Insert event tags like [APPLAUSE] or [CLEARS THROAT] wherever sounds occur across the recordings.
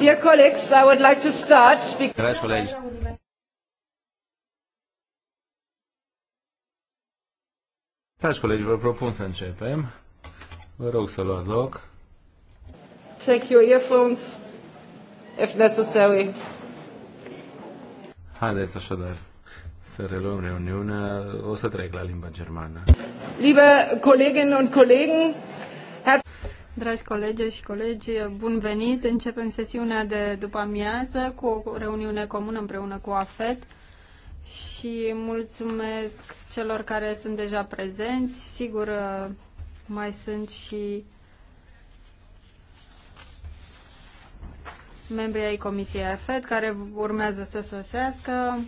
Dear colleagues, I would like to start. Dragi colegi, Dragi colegi, vă propun să începem. Vă rog să luați loc. Take your earphones if necessary. Haideți așadar să reluăm reuniunea. O să trec la limba germană. Liebe Kolleginnen und Kollegen, Dragi colegi și colegi, bun venit! Începem sesiunea de după amiază cu o reuniune comună împreună cu AFET și mulțumesc celor care sunt deja prezenți. Sigur, mai sunt și membrii ai Comisiei AFET care urmează să sosească.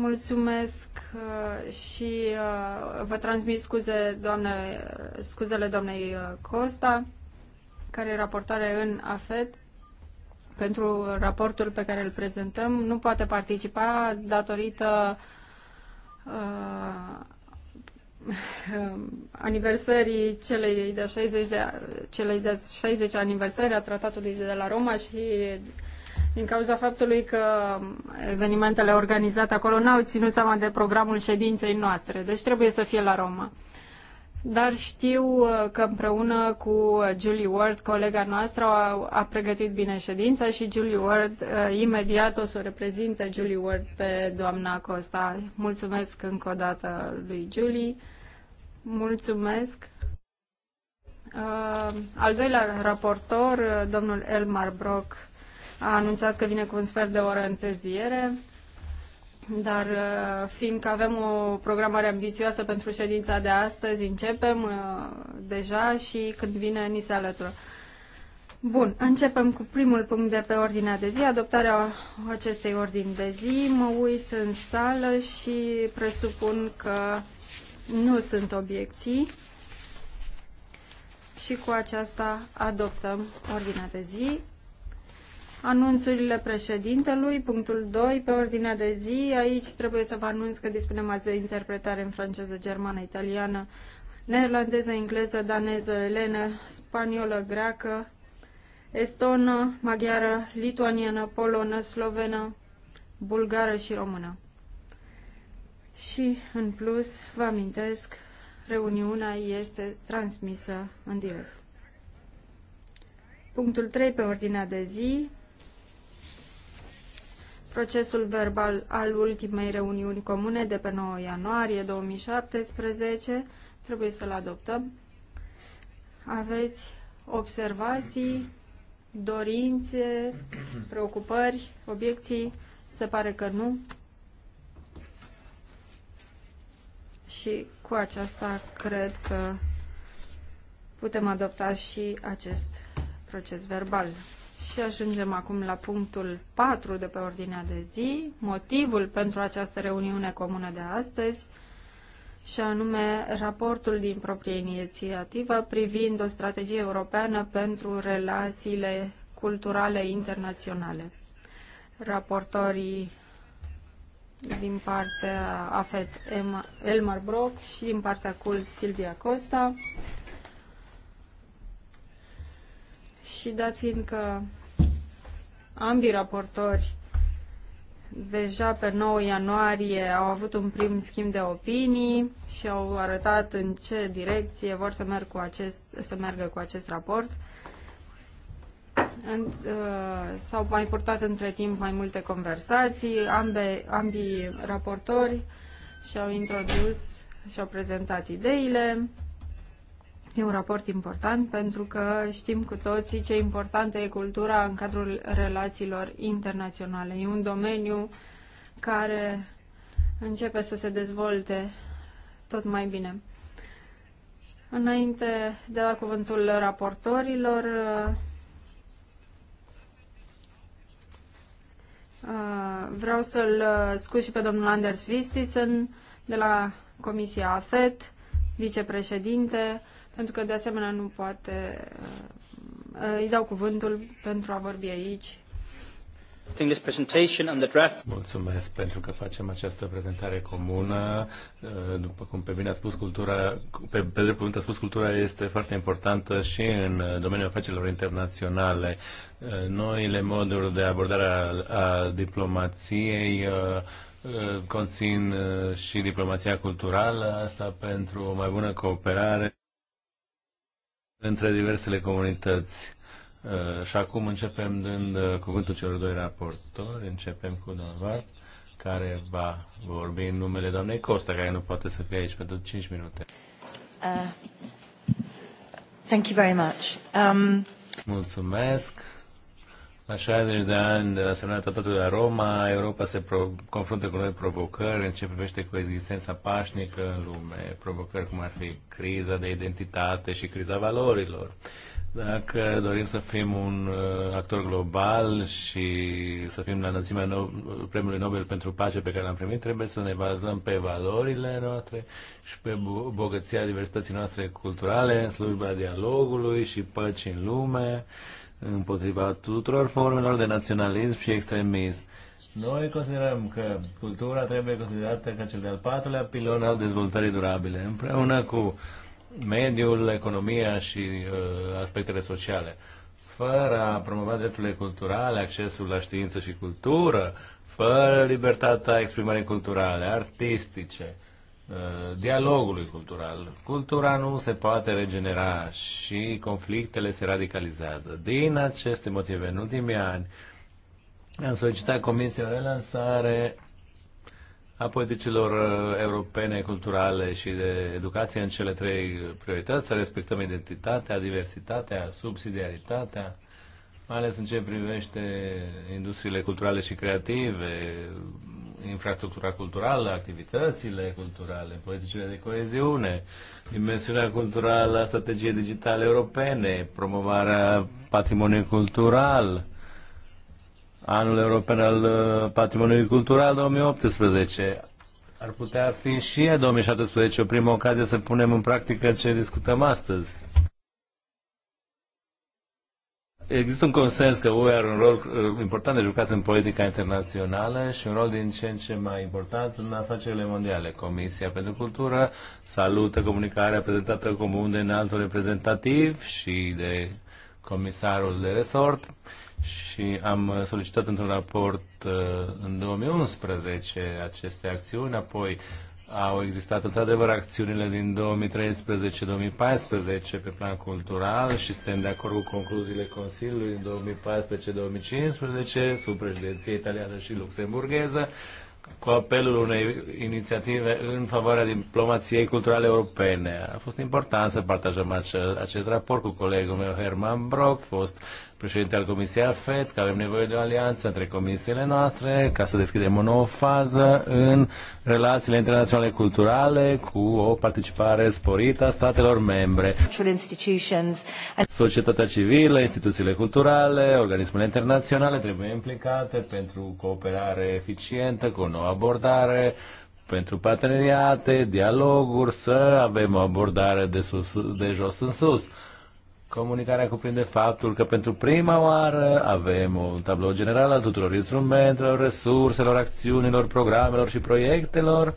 Mulțumesc uh, și uh, vă transmit scuze, doamne, scuzele doamnei uh, Costa, care e raportoare în AFET pentru raportul pe care îl prezentăm. Nu poate participa datorită uh, [LAUGHS] aniversării celei de 60 de celei de 60 aniversări a tratatului de la Roma și din cauza faptului că evenimentele organizate acolo n-au ținut seama de programul ședinței noastre, deci trebuie să fie la Roma. Dar știu uh, că împreună cu Julie Ward, colega noastră, a, a pregătit bine ședința și Julie Ward uh, imediat o să o reprezinte Julie Ward pe doamna Costa. Mulțumesc încă o dată lui Julie. Mulțumesc. Uh, al doilea raportor, domnul Elmar Brock, a anunțat că vine cu un sfert de oră întârziere, dar uh, fiindcă avem o programare ambițioasă pentru ședința de astăzi, începem uh, deja și când vine ni se alătură. Bun, începem cu primul punct de pe ordinea de zi, adoptarea acestei ordini de zi. Mă uit în sală și presupun că nu sunt obiecții și cu aceasta adoptăm ordinea de zi. Anunțurile președintelui, punctul 2, pe ordinea de zi. Aici trebuie să vă anunț că dispunem azi de interpretare în franceză, germană, italiană, neerlandeză, engleză, daneză, elenă, spaniolă, greacă, estonă, maghiară, lituaniană, polonă, slovenă, bulgară și română. Și, în plus, vă amintesc, reuniunea este transmisă în direct. Punctul 3 pe ordinea de zi, procesul verbal al ultimei reuniuni comune de pe 9 ianuarie 2017. Trebuie să-l adoptăm. Aveți observații, dorințe, preocupări, obiecții? Se pare că nu. Și cu aceasta cred că putem adopta și acest proces verbal. Și ajungem acum la punctul 4 de pe ordinea de zi, motivul pentru această reuniune comună de astăzi, și anume raportul din proprie inițiativă privind o strategie europeană pentru relațiile culturale internaționale. Raportorii din partea AFET Elmar Brock și din partea CULT Silvia Costa. Și dat fiind că Ambii raportori deja pe 9 ianuarie au avut un prim schimb de opinii și au arătat în ce direcție vor să, merg cu acest, să meargă cu acest raport. În, uh, s-au mai purtat între timp mai multe conversații, ambe, ambii raportori și-au introdus și-au prezentat ideile E un raport important pentru că știm cu toții ce importantă e cultura în cadrul relațiilor internaționale. E un domeniu care începe să se dezvolte tot mai bine. Înainte de la da cuvântul raportorilor, uh, vreau să-l scuz și pe domnul Anders Vistisen de la Comisia AFET, vicepreședinte, pentru că de asemenea nu poate... Uh, îi dau cuvântul pentru a vorbi aici. Mulțumesc pentru că facem această prezentare comună. Uh, după cum pe bine a spus, cultura, pe, pe drept cuvânt a spus, cultura este foarte importantă și în domeniul afacerilor internaționale. Uh, noile moduri de abordare a, a diplomației conțin și diplomația culturală, asta pentru o mai bună cooperare între diversele comunități. Uh, și acum începem dând uh, cuvântul celor doi raportori. Începem cu Donovar, care va vorbi în numele doamnei Costa, care nu poate să fie aici pentru 5 minute. Uh, thank you very much. Um... Mulțumesc. La 60 deci de ani de la semnarea tratatului la Roma, Europa se pro- confruntă cu noi provocări în ce privește existența pașnică în lume, provocări cum ar fi criza de identitate și criza valorilor. Dacă dorim să fim un uh, actor global și să fim la înălțimea no- Premiului Nobel pentru Pace pe care l-am primit, trebuie să ne bazăm pe valorile noastre și pe bogăția diversității noastre culturale, în slujba dialogului și păcii în lume împotriva tuturor formelor de naționalism și extremism. Noi considerăm că cultura trebuie considerată ca cel de-al patrulea pilon al dezvoltării durabile, împreună cu mediul, economia și uh, aspectele sociale. Fără a promova drepturile culturale, accesul la știință și cultură, fără libertatea exprimării culturale, artistice, uh, Uh, dialogului cultural. Cultura nu se poate regenera și conflictele se radicalizează. Din aceste motive, în ultimii ani, am solicitat Comisia de Lansare a politicilor uh, europene, culturale și de educație în cele trei priorități, să respectăm identitatea, diversitatea, subsidiaritatea mai ales în ce privește industriile culturale și creative, infrastructura culturală, activitățile culturale, politicile de coeziune, dimensiunea culturală strategie digitale europene, promovarea patrimoniului cultural, anul european al uh, patrimoniului cultural 2018. Ar putea fi și 2017 o primă ocazie să punem în practică ce discutăm astăzi. Există un consens că UE are un rol uh, important de jucat în politica internațională și un rol din ce în ce mai important în afacerile mondiale. Comisia pentru Cultură salută comunicarea prezentată comun de înaltul reprezentativ și de comisarul de resort și am solicitat într-un raport uh, în 2011 aceste acțiuni, apoi au existat într-adevăr acțiunile din 2013-2014 pe plan cultural și suntem de acord cu concluziile Consiliului din 2014-2015 sub președinție italiană și luxemburgheză cu apelul unei inițiative în favoarea diplomației culturale europene. A fost important să partajăm acest, raport cu colegul meu Herman Brock, fost președinte al Comisiei AFET, că avem nevoie de o alianță între comisiile noastre ca să deschidem o nouă fază în relațiile internaționale culturale cu o participare sporită a statelor membre. Societatea civilă, instituțiile culturale, organismele internaționale trebuie implicate pentru cooperare eficientă, cu o nouă abordare, pentru parteneriate, dialoguri, să avem o abordare de, sus, de jos în sus Comunicarea cuprinde faptul că pentru prima oară avem un tablou general al tuturor instrumentelor, resurselor, acțiunilor, programelor și proiectelor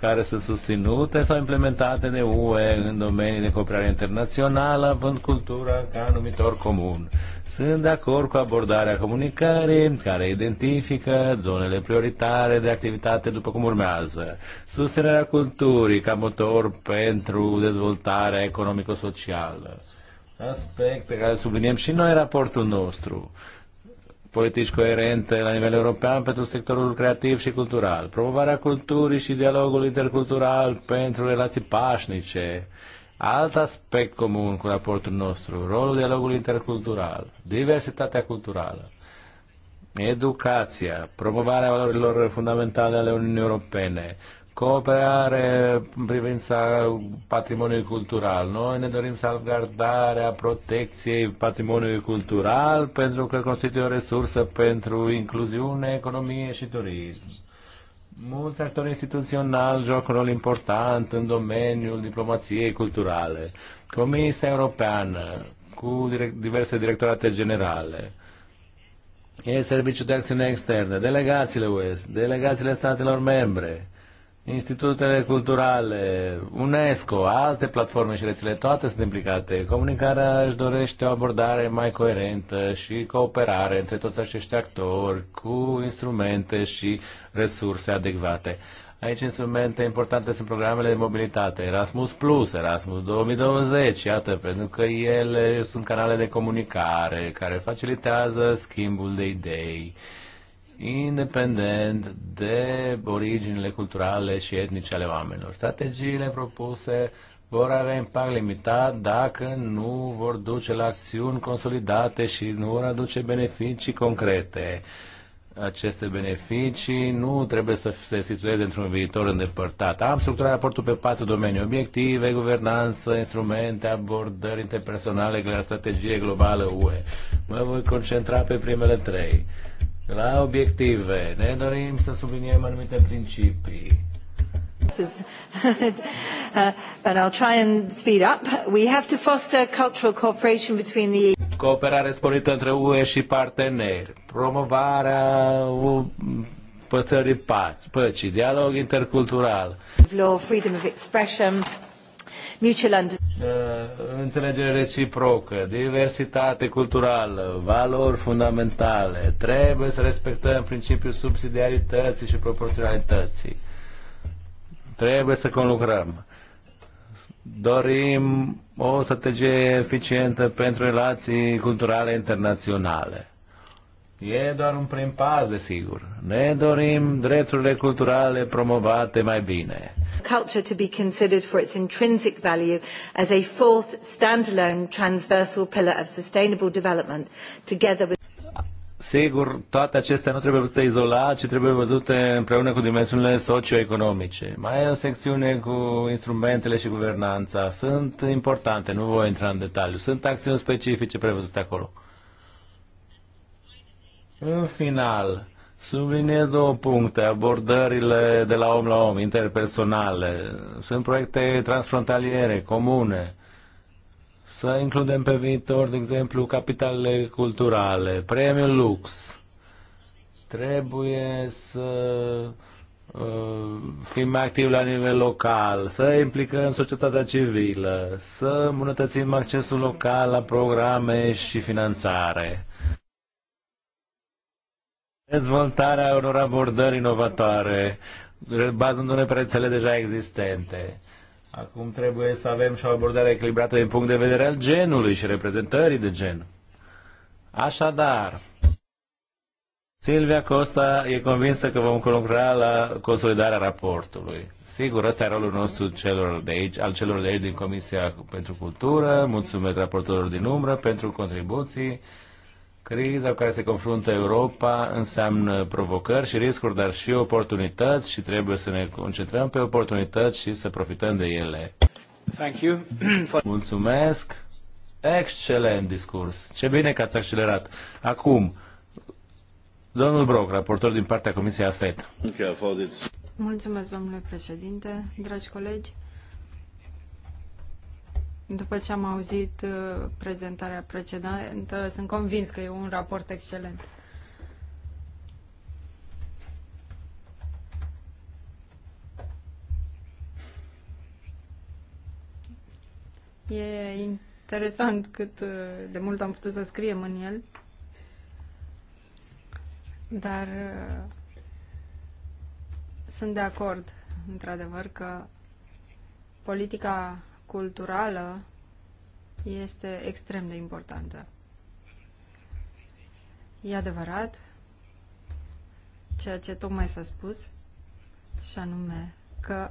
care sunt susținute sau implementate de UE în domenii de cooperare internațională, având cultura ca numitor comun. Sunt de acord cu abordarea comunicării, care identifică zonele prioritare de activitate după cum urmează. Susținerea culturii ca motor pentru dezvoltarea economico-socială aspect pe care subliniem și noi raportul nostru politici coerente la nivel european pentru sectorul creativ și cultural, promovarea culturii și dialogul intercultural pentru relații pașnice, alt aspect comun cu raportul nostru, rolul dialogului intercultural, diversitatea culturală, educația, promovarea valorilor fundamentale ale Uniunii Europene, Cooperare în privința patrimoniului cultural. Noi ne dorim salvgardarea protecției patrimoniului cultural pentru că constituie o resursă pentru incluziune, economie și turism. Mulți actori instituționali joacă un rol important în domeniul diplomației culturale. Comisia Europeană, cu diverse directorate generale, e Serviciul de Acțiune Externă, delegațiile UE, delegațiile statelor membre, institutele culturale, UNESCO, alte platforme și rețele, toate sunt implicate. Comunicarea își dorește o abordare mai coerentă și cooperare între toți acești actori cu instrumente și resurse adecvate. Aici instrumente importante sunt programele de mobilitate, Erasmus Plus, Erasmus 2020, iată, pentru că ele sunt canale de comunicare care facilitează schimbul de idei independent de originile culturale și etnice ale oamenilor. Strategiile propuse vor avea impact limitat dacă nu vor duce la acțiuni consolidate și nu vor aduce beneficii concrete. Aceste beneficii nu trebuie să se situeze într-un viitor îndepărtat. Am structurat raportul pe patru domenii. Obiective, guvernanță, instrumente, abordări interpersonale, strategie globală UE. Mă voi concentra pe primele trei la obiective. Ne dorim să subliniem anumite principii. Is, uh, [LAUGHS] but I'll try and speed up. We have to foster cultural cooperation between the Cooperare sporită între UE și parteneri, promovarea păstrării păcii, dialog intercultural. Law, freedom of expression, mutual understanding. Uh, înțelegere reciprocă, diversitate culturală, valori fundamentale. Trebuie să respectăm principiul subsidiarității și proporționalității. Trebuie să conlucrăm. Dorim o strategie eficientă pentru relații culturale internaționale E doar un prim pas, desigur. Ne dorim drepturile culturale promovate mai bine. Culture to be considered for its intrinsic value as a fourth standalone transversal pillar of sustainable development together with Sigur, toate acestea nu trebuie văzute izolat, ci trebuie văzute împreună cu dimensiunile socioeconomice. Mai e o secțiune cu instrumentele și guvernanța. Sunt importante, nu voi intra în detaliu. Sunt acțiuni specifice prevăzute acolo. În final, subliniez două puncte, abordările de la om la om, interpersonale. Sunt proiecte transfrontaliere, comune. Să includem pe viitor, de exemplu, capitalele culturale, premiul Lux. Trebuie să uh, fim activi la nivel local, să implicăm societatea civilă, să îmbunătățim accesul local la programe și finanțare. Dezvoltarea unor abordări inovatoare, bazându-ne pe rețele deja existente. Acum trebuie să avem și o abordare echilibrată din punct de vedere al genului și reprezentării de gen. Așadar, Silvia Costa e convinsă că vom lucra la consolidarea raportului. Sigur, ăsta e rolul nostru celor de aici, al celor de aici din Comisia pentru Cultură. Mulțumesc raportorilor din umbră pentru contribuții Criza cu care se confruntă Europa înseamnă provocări și riscuri, dar și oportunități și trebuie să ne concentrăm pe oportunități și să profităm de ele. Thank you. [CLEARS THROAT] Mulțumesc! Excelent discurs! Ce bine că ați accelerat! Acum, domnul Broc, raportor din partea Comisiei AFET. Mulțumesc, domnule președinte, dragi colegi! După ce am auzit uh, prezentarea precedentă, sunt convins că e un raport excelent. E interesant cât uh, de mult am putut să scriem în el. Dar uh, sunt de acord, într-adevăr, că politica culturală este extrem de importantă. E adevărat ceea ce tocmai s-a spus, și anume că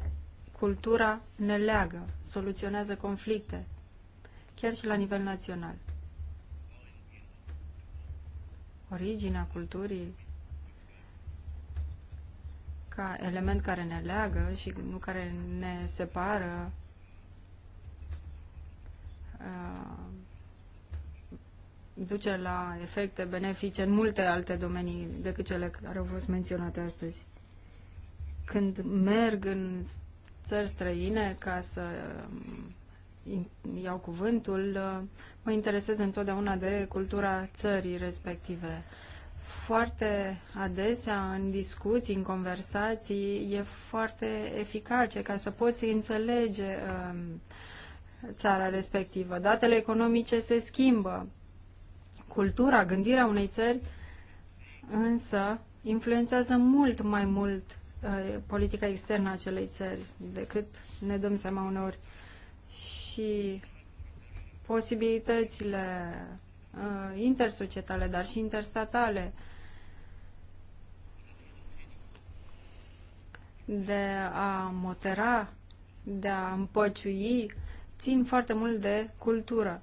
cultura ne leagă, soluționează conflicte, chiar și la nivel național. Originea culturii ca element care ne leagă și nu care ne separă Uh, duce la efecte benefice în multe alte domenii decât cele care au fost menționate astăzi. Când merg în țări străine ca să um, iau cuvântul, uh, mă interesez întotdeauna de cultura țării respective. Foarte adesea, în discuții, în conversații, e foarte eficace ca să poți înțelege uh, țara respectivă. Datele economice se schimbă. Cultura, gândirea unei țări însă influențează mult mai mult uh, politica externă a acelei țări decât ne dăm seama uneori. Și posibilitățile uh, intersocietale, dar și interstatale de a motera, de a împăciui țin foarte mult de cultură.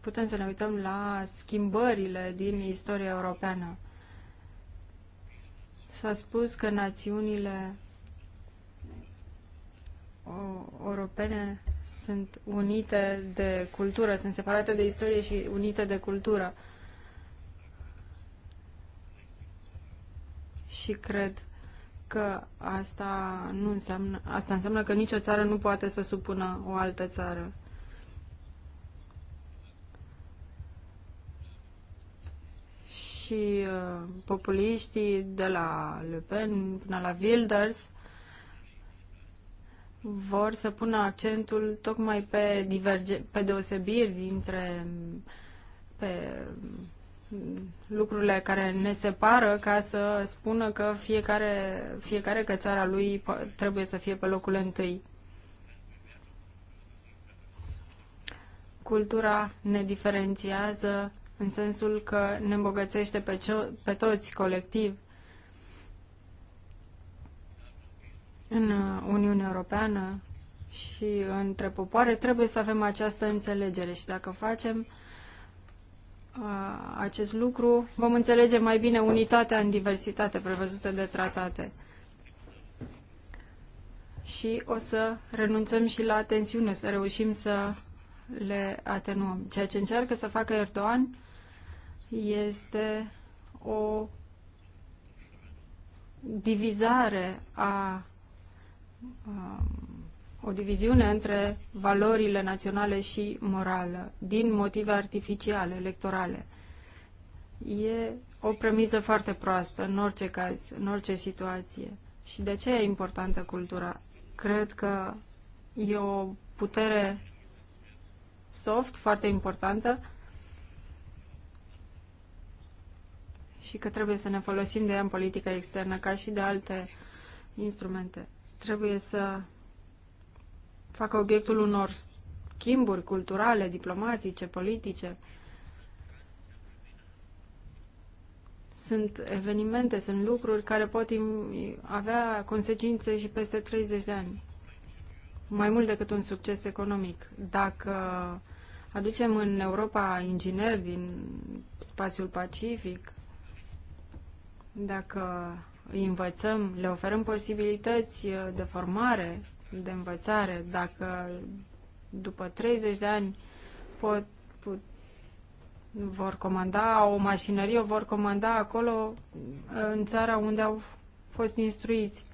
Putem să ne uităm la schimbările din istoria europeană. S-a spus că națiunile europene sunt unite de cultură, sunt separate de istorie și unite de cultură. Și cred că asta, nu înseamnă, asta înseamnă că nicio țară nu poate să supună o altă țară. Și uh, populiștii de la Le Pen până la Wilders vor să pună accentul tocmai pe, diverge, pe deosebiri dintre pe lucrurile care ne separă ca să spună că fiecare, fiecare că țara lui trebuie să fie pe locul întâi. Cultura ne diferențiază în sensul că ne îmbogățește pe, ce, pe toți colectiv. În Uniunea Europeană și între popoare trebuie să avem această înțelegere și dacă facem acest lucru, vom înțelege mai bine unitatea în diversitate prevăzută de tratate. Și o să renunțăm și la tensiune, să reușim să le atenuăm. Ceea ce încearcă să facă Erdogan este o divizare a um, o diviziune între valorile naționale și morală, din motive artificiale, electorale. E o premiză foarte proastă, în orice caz, în orice situație. Și de ce e importantă cultura? Cred că e o putere soft, foarte importantă, și că trebuie să ne folosim de ea în politica externă, ca și de alte instrumente. Trebuie să facă obiectul unor schimburi culturale, diplomatice, politice. Sunt evenimente, sunt lucruri care pot avea consecințe și peste 30 de ani. Mai mult decât un succes economic. Dacă aducem în Europa ingineri din spațiul Pacific, dacă îi învățăm, le oferăm posibilități de formare de învățare, dacă după 30 de ani pot, pot, vor comanda o mașinărie, o vor comanda acolo în țara unde au fost instruiți.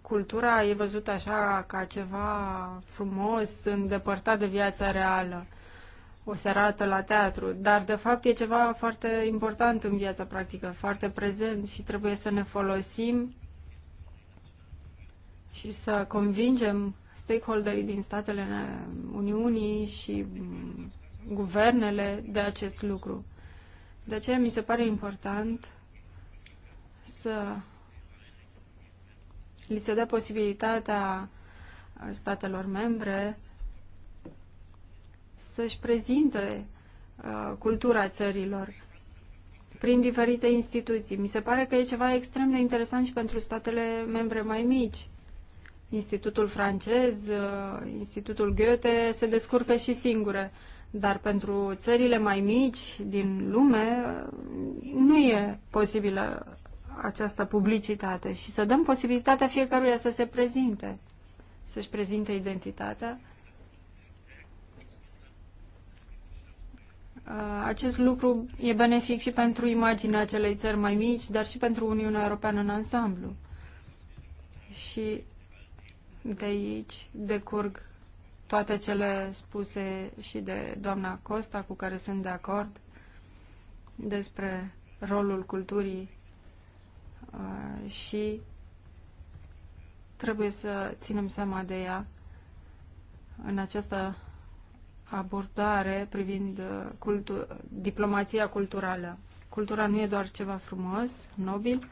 Cultura e văzută așa ca ceva frumos, îndepărtat de viața reală o serată la teatru, dar de fapt e ceva foarte important în viața practică, foarte prezent și trebuie să ne folosim și să convingem stakeholderii din statele Uniunii și guvernele de acest lucru. De aceea mi se pare important să li se dea posibilitatea statelor membre să-și prezinte uh, cultura țărilor prin diferite instituții. Mi se pare că e ceva extrem de interesant și pentru statele membre mai mici. Institutul francez, uh, Institutul Goethe se descurcă și singure, dar pentru țările mai mici din lume uh, nu e posibilă această publicitate și să dăm posibilitatea fiecăruia să se prezinte, să-și prezinte identitatea Uh, acest lucru e benefic și pentru imaginea acelei țări mai mici, dar și pentru Uniunea Europeană în ansamblu. Și de aici decurg toate cele spuse și de doamna Costa, cu care sunt de acord, despre rolul culturii uh, și trebuie să ținem seama de ea în această abordare privind uh, cultu- diplomația culturală. Cultura nu e doar ceva frumos, nobil,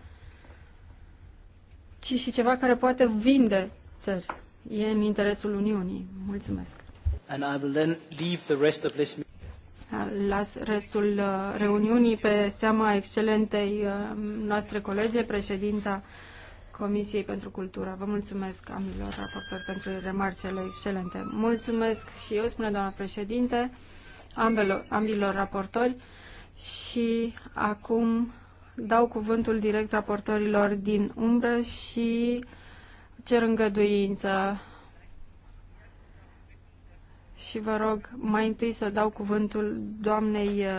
ci și ceva care poate vinde țări. E în interesul Uniunii. Mulțumesc. And I will then leave the rest of this... Ah, las restul uh, reuniunii pe seama excelentei uh, noastre colege, președinta Comisiei pentru Cultură. Vă mulțumesc amilor raportori pentru remarcele excelente. Mulțumesc și eu, spune doamna președinte, ambelor, ambilor raportori și acum dau cuvântul direct raportorilor din umbră și cer îngăduință și vă rog mai întâi să dau cuvântul doamnei uh,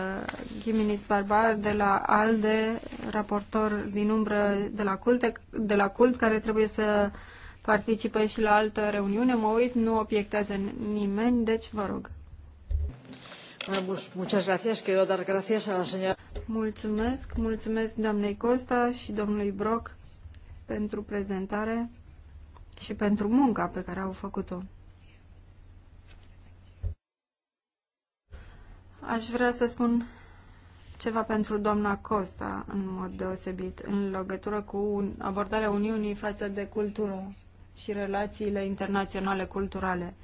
Ghiminiț Barbar de la ALDE, raportor din umbră de la CULT, de la CULT care trebuie să participe și la altă reuniune. Mă uit, nu obiectează nimeni, deci vă rog. Mulțumesc, mulțumesc doamnei Costa și domnului Brock pentru prezentare și pentru munca pe care au făcut-o. Aș vrea să spun ceva pentru doamna Costa, în mod deosebit, în legătură cu abordarea Uniunii față de cultură și relațiile internaționale culturale.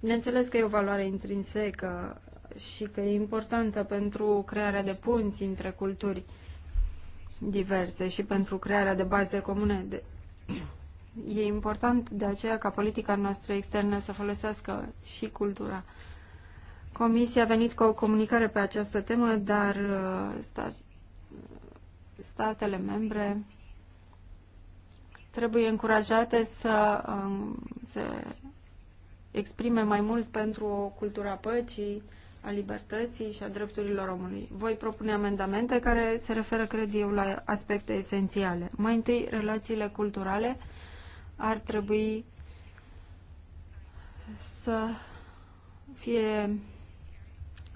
Bineînțeles că e o valoare intrinsecă și că e importantă pentru crearea de punți între culturi diverse și pentru crearea de baze comune. De... E important de aceea ca politica noastră externă să folosească și cultura Comisia a venit cu o comunicare pe această temă, dar uh, stat, statele membre trebuie încurajate să um, se exprime mai mult pentru o cultură a păcii, a libertății și a drepturilor omului. Voi propune amendamente care se referă, cred eu, la aspecte esențiale. Mai întâi, relațiile culturale ar trebui să fie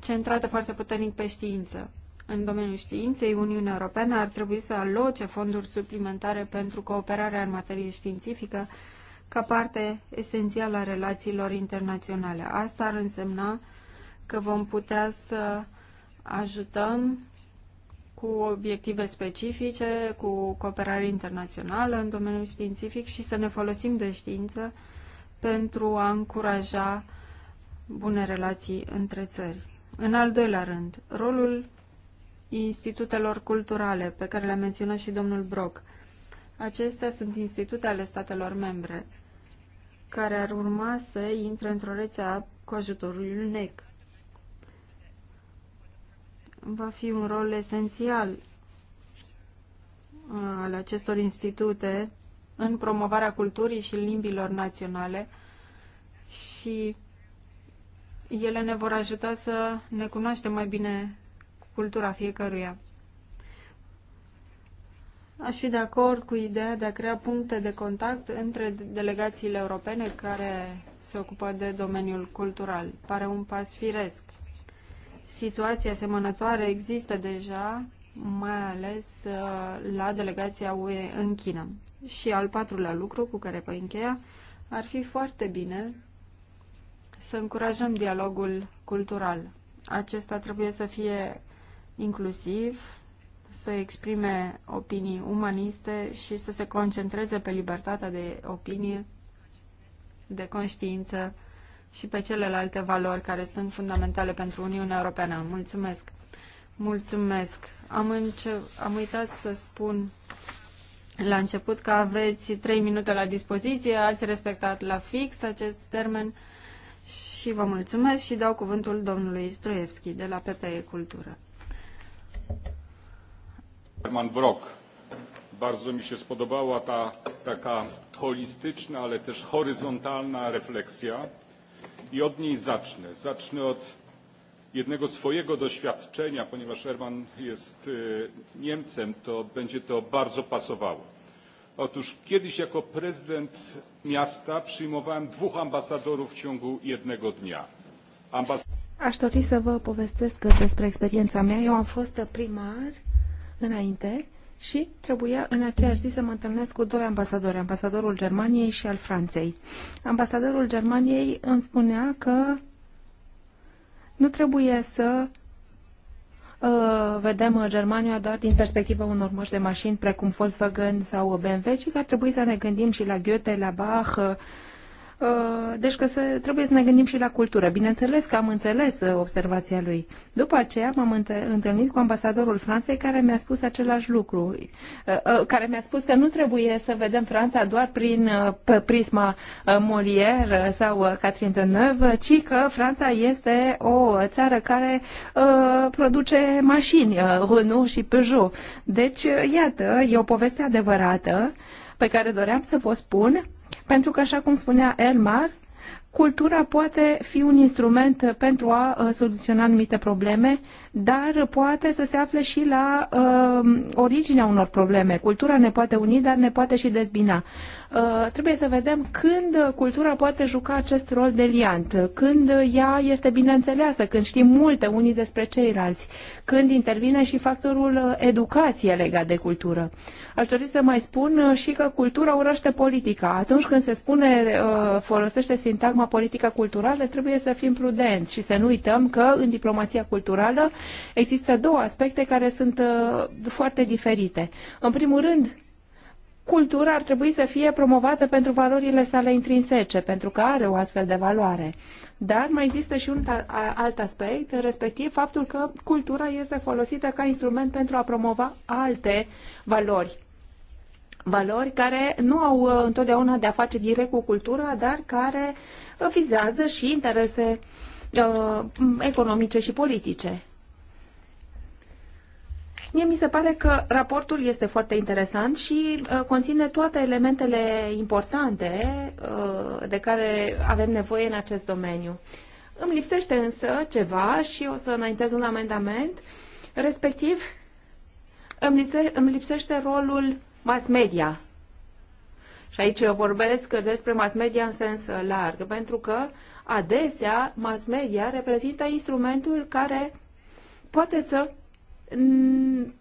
centrată foarte puternic pe știință. În domeniul științei, Uniunea Europeană ar trebui să aloce fonduri suplimentare pentru cooperarea în materie științifică ca parte esențială a relațiilor internaționale. Asta ar însemna că vom putea să ajutăm cu obiective specifice, cu cooperare internațională în domeniul științific și să ne folosim de știință pentru a încuraja bune relații între țări. În al doilea rând, rolul institutelor culturale, pe care le-a menționat și domnul Brock. Acestea sunt institute ale statelor membre, care ar urma să intre într-o rețea cu ajutorul UNEC. Va fi un rol esențial uh, al acestor institute în promovarea culturii și limbilor naționale și ele ne vor ajuta să ne cunoaștem mai bine cultura fiecăruia. Aș fi de acord cu ideea de a crea puncte de contact între delegațiile europene care se ocupă de domeniul cultural. Pare un pas firesc. Situații asemănătoare există deja, mai ales uh, la delegația UE în China. Și al patrulea lucru cu care voi încheia, ar fi foarte bine să încurajăm dialogul cultural. Acesta trebuie să fie inclusiv, să exprime opinii umaniste și să se concentreze pe libertatea de opinie, de conștiință și pe celelalte valori care sunt fundamentale pentru Uniunea Europeană. Mulțumesc! Mulțumesc! Am, înce- am uitat să spun la început că aveți trei minute la dispoziție, ați respectat la fix acest termen și vă mulțumesc și dau cuvântul domnului Stroievski de la PPE Cultură. Herman Brock. Bardzo mi się spodobała ta taka holistyczna, ale też horyzontalna refleksja i od niej zacznę. Zacznę od jednego swojego doświadczenia, ponieważ Herman jest Niemcem, to będzie to bardzo pasowało. Otóż kiedyś jako prezydent miasta przyjmowałem dwóch ambasadorów w ciągu jednego dnia. Ambas Aș dori să vă povestesc despre experiența mea. Eu am fost primar înainte și trebuia în aceeași zi să mă întâlnesc cu doi ambasadori, ambasadorul Germaniei și al Franței. Ambasadorul Germaniei îmi spunea că nu trebuie să Uh, vedem uh, Germania doar din perspectiva unor mărci de mașini precum Volkswagen sau BMW, ci că ar trebui să ne gândim și la Goethe, la Bach, uh, Uh, deci că să, trebuie să ne gândim și la cultură. Bineînțeles că am înțeles uh, observația lui. După aceea m-am întâlnit cu ambasadorul Franței care mi-a spus același lucru, uh, care mi-a spus că nu trebuie să vedem Franța doar prin prisma Molière sau Catherine Deneuve, ci că Franța este o țară care produce mașini, Renault și Peugeot. Deci, iată, e o poveste adevărată pe care doream să vă spun pentru că, așa cum spunea Elmar, cultura poate fi un instrument pentru a uh, soluționa anumite probleme, dar poate să se afle și la uh, originea unor probleme. Cultura ne poate uni, dar ne poate și dezbina. Uh, trebuie să vedem când cultura poate juca acest rol de liant, când ea este bine înțeleasă, când știm multe unii despre ceilalți, când intervine și factorul uh, educație legat de cultură. Aș dori să mai spun uh, și că cultura urăște politica. Atunci când se spune folosește sintagma politică culturală, trebuie să fim prudenți și să nu uităm că în diplomația culturală există două aspecte care sunt foarte diferite. În primul rând, cultura ar trebui să fie promovată pentru valorile sale intrinsece, pentru că are o astfel de valoare. Dar mai există și un alt aspect, respectiv faptul că cultura este folosită ca instrument pentru a promova alte valori. Valori care nu au uh, întotdeauna de a face direct cu cultura, dar care vizează și interese uh, economice și politice. Mie mi se pare că raportul este foarte interesant și uh, conține toate elementele importante uh, de care avem nevoie în acest domeniu. Îmi lipsește însă ceva și o să înaintez un amendament, respectiv îmi, îmi lipsește rolul mass media. Și aici vorbesc despre mass media în sens larg, pentru că adesea mass media reprezintă instrumentul care poate să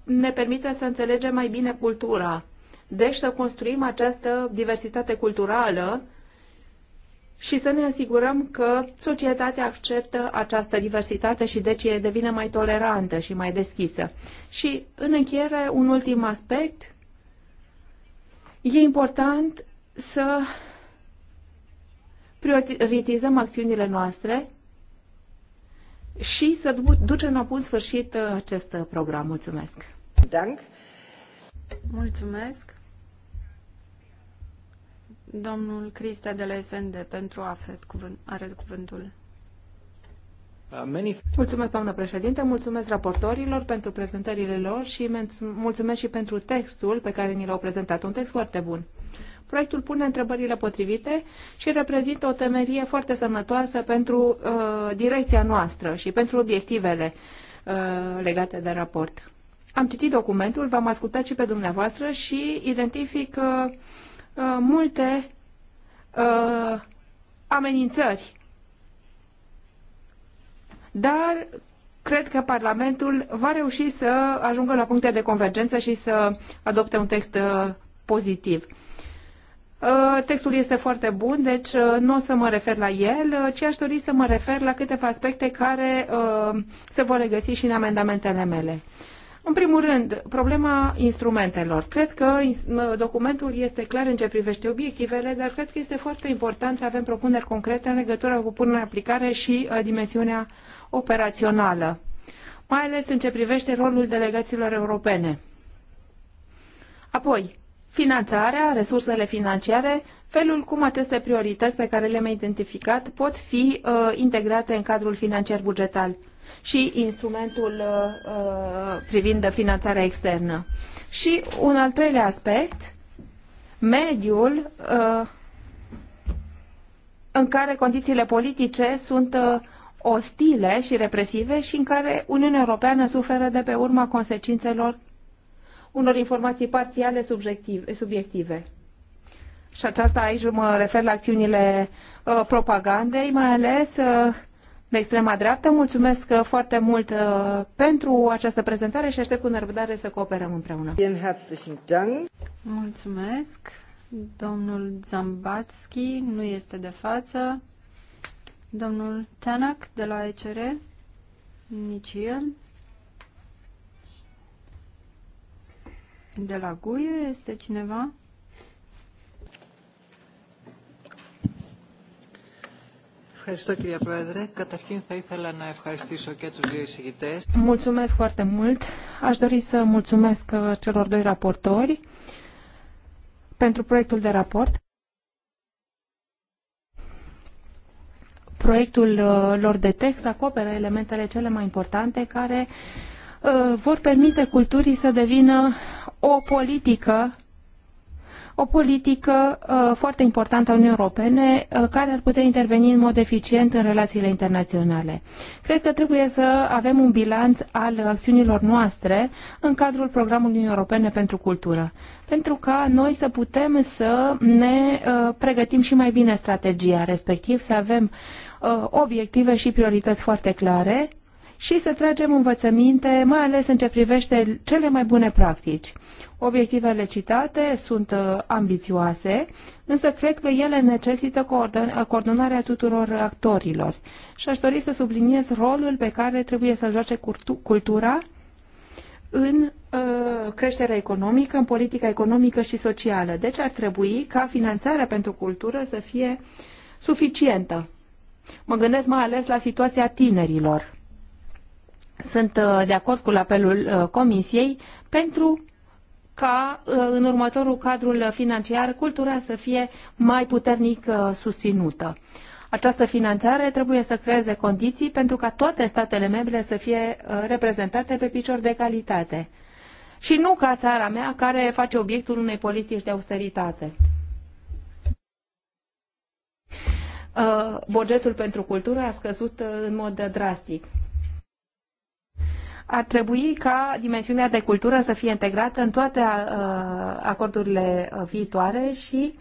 ne permite să înțelegem mai bine cultura. Deci să construim această diversitate culturală și să ne asigurăm că societatea acceptă această diversitate și deci devine mai tolerantă și mai deschisă. Și în încheiere, un ultim aspect. E important să prioritizăm acțiunile noastre și să ducem la bun sfârșit uh, acest uh, program. Mulțumesc! Dank. Mulțumesc! Domnul Cristea de la SND pentru AFET cuvânt, are cuvântul. Uh, mulțumesc, doamnă președinte, mulțumesc raportorilor pentru prezentările lor și mulțumesc și pentru textul pe care ni l-au prezentat. Un text foarte bun. Proiectul pune întrebările potrivite și reprezintă o temerie foarte sănătoasă pentru uh, direcția noastră și pentru obiectivele uh, legate de raport. Am citit documentul, v-am ascultat și pe dumneavoastră și identific uh, uh, multe uh, amenințări. Dar cred că Parlamentul va reuși să ajungă la puncte de convergență și să adopte un text uh, pozitiv. Uh, textul este foarte bun, deci uh, nu o să mă refer la el, uh, ci aș dori să mă refer la câteva aspecte care se vor regăsi și în amendamentele mele. În primul rând, problema instrumentelor. Cred că documentul este clar în ce privește obiectivele, dar cred că este foarte important să avem propuneri concrete în legătură cu punerea în aplicare și dimensiunea operațională, mai ales în ce privește rolul delegațiilor europene. Apoi, finanțarea, resursele financiare, felul cum aceste priorități pe care le-am identificat pot fi uh, integrate în cadrul financiar bugetal și instrumentul uh, uh, privind finanțarea externă. Și un al treilea aspect, mediul uh, în care condițiile politice sunt uh, ostile și represive și în care Uniunea Europeană suferă de pe urma consecințelor unor informații parțiale subiective. Și aceasta aici mă refer la acțiunile uh, propagandei, mai ales uh, de extrema dreaptă. Mulțumesc uh, foarte mult uh, pentru această prezentare și aștept cu nerăbdare să cooperăm împreună. Mulțumesc. Domnul Zambatski nu este de față. Domnul Tanak de la ECR, nici el. De la Guie este cineva? Mulțumesc foarte mult. Aș dori să mulțumesc uh, celor doi raportori pentru proiectul de raport. Proiectul uh, lor de text acoperă elementele cele mai importante care uh, vor permite culturii să devină o politică o politică uh, foarte importantă a Uniunii Europene uh, care ar putea interveni în mod eficient în relațiile internaționale. Cred că trebuie să avem un bilanț al acțiunilor noastre în cadrul programului Uniunii Europene pentru cultură, pentru ca noi să putem să ne uh, pregătim și mai bine strategia, respectiv să avem uh, obiective și priorități foarte clare și să tragem învățăminte, mai ales în ce privește cele mai bune practici. Obiectivele citate sunt uh, ambițioase, însă cred că ele necesită coordonarea tuturor actorilor. Și aș dori să subliniez rolul pe care trebuie să-l joace cultura în uh, creșterea economică, în politica economică și socială. Deci ar trebui ca finanțarea pentru cultură să fie suficientă. Mă gândesc mai ales la situația tinerilor. Sunt uh, de acord cu apelul uh, Comisiei pentru ca uh, în următorul cadrul financiar cultura să fie mai puternic susținută. Această finanțare trebuie să creeze condiții pentru ca toate statele membre să fie reprezentate pe picior de calitate și nu ca țara mea care face obiectul unei politici de austeritate. Bugetul pentru cultură a scăzut în mod drastic ar trebui ca dimensiunea de cultură să fie integrată în toate uh, acordurile uh, viitoare și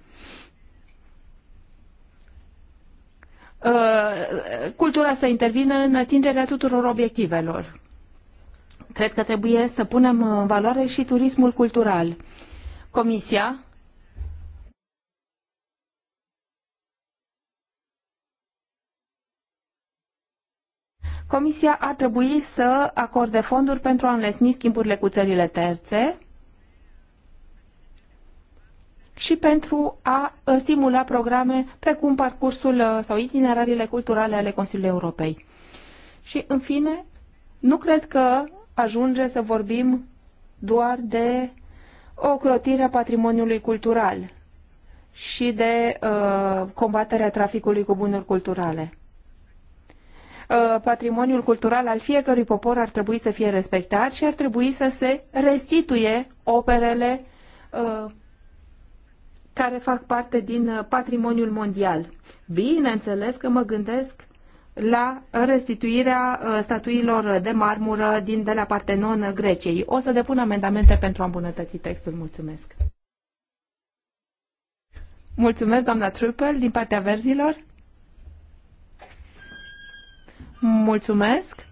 uh, cultura să intervină în atingerea tuturor obiectivelor. Cred că trebuie să punem în valoare și turismul cultural. Comisia Comisia ar trebui să acorde fonduri pentru a înlesni schimburile cu țările terțe și pentru a uh, stimula programe precum parcursul uh, sau itinerariile culturale ale Consiliului Europei. Și, în fine, nu cred că ajunge să vorbim doar de o crotire a patrimoniului cultural și de uh, combaterea traficului cu bunuri culturale. Uh, patrimoniul cultural al fiecărui popor ar trebui să fie respectat și ar trebui să se restituie operele uh, care fac parte din uh, patrimoniul mondial. Bineînțeles că mă gândesc la restituirea statuilor de marmură din de la Partenon Greciei. O să depun amendamente pentru a îmbunătăți textul. Mulțumesc! Mulțumesc, doamna Trupel, din partea verzilor. Mulțumesc.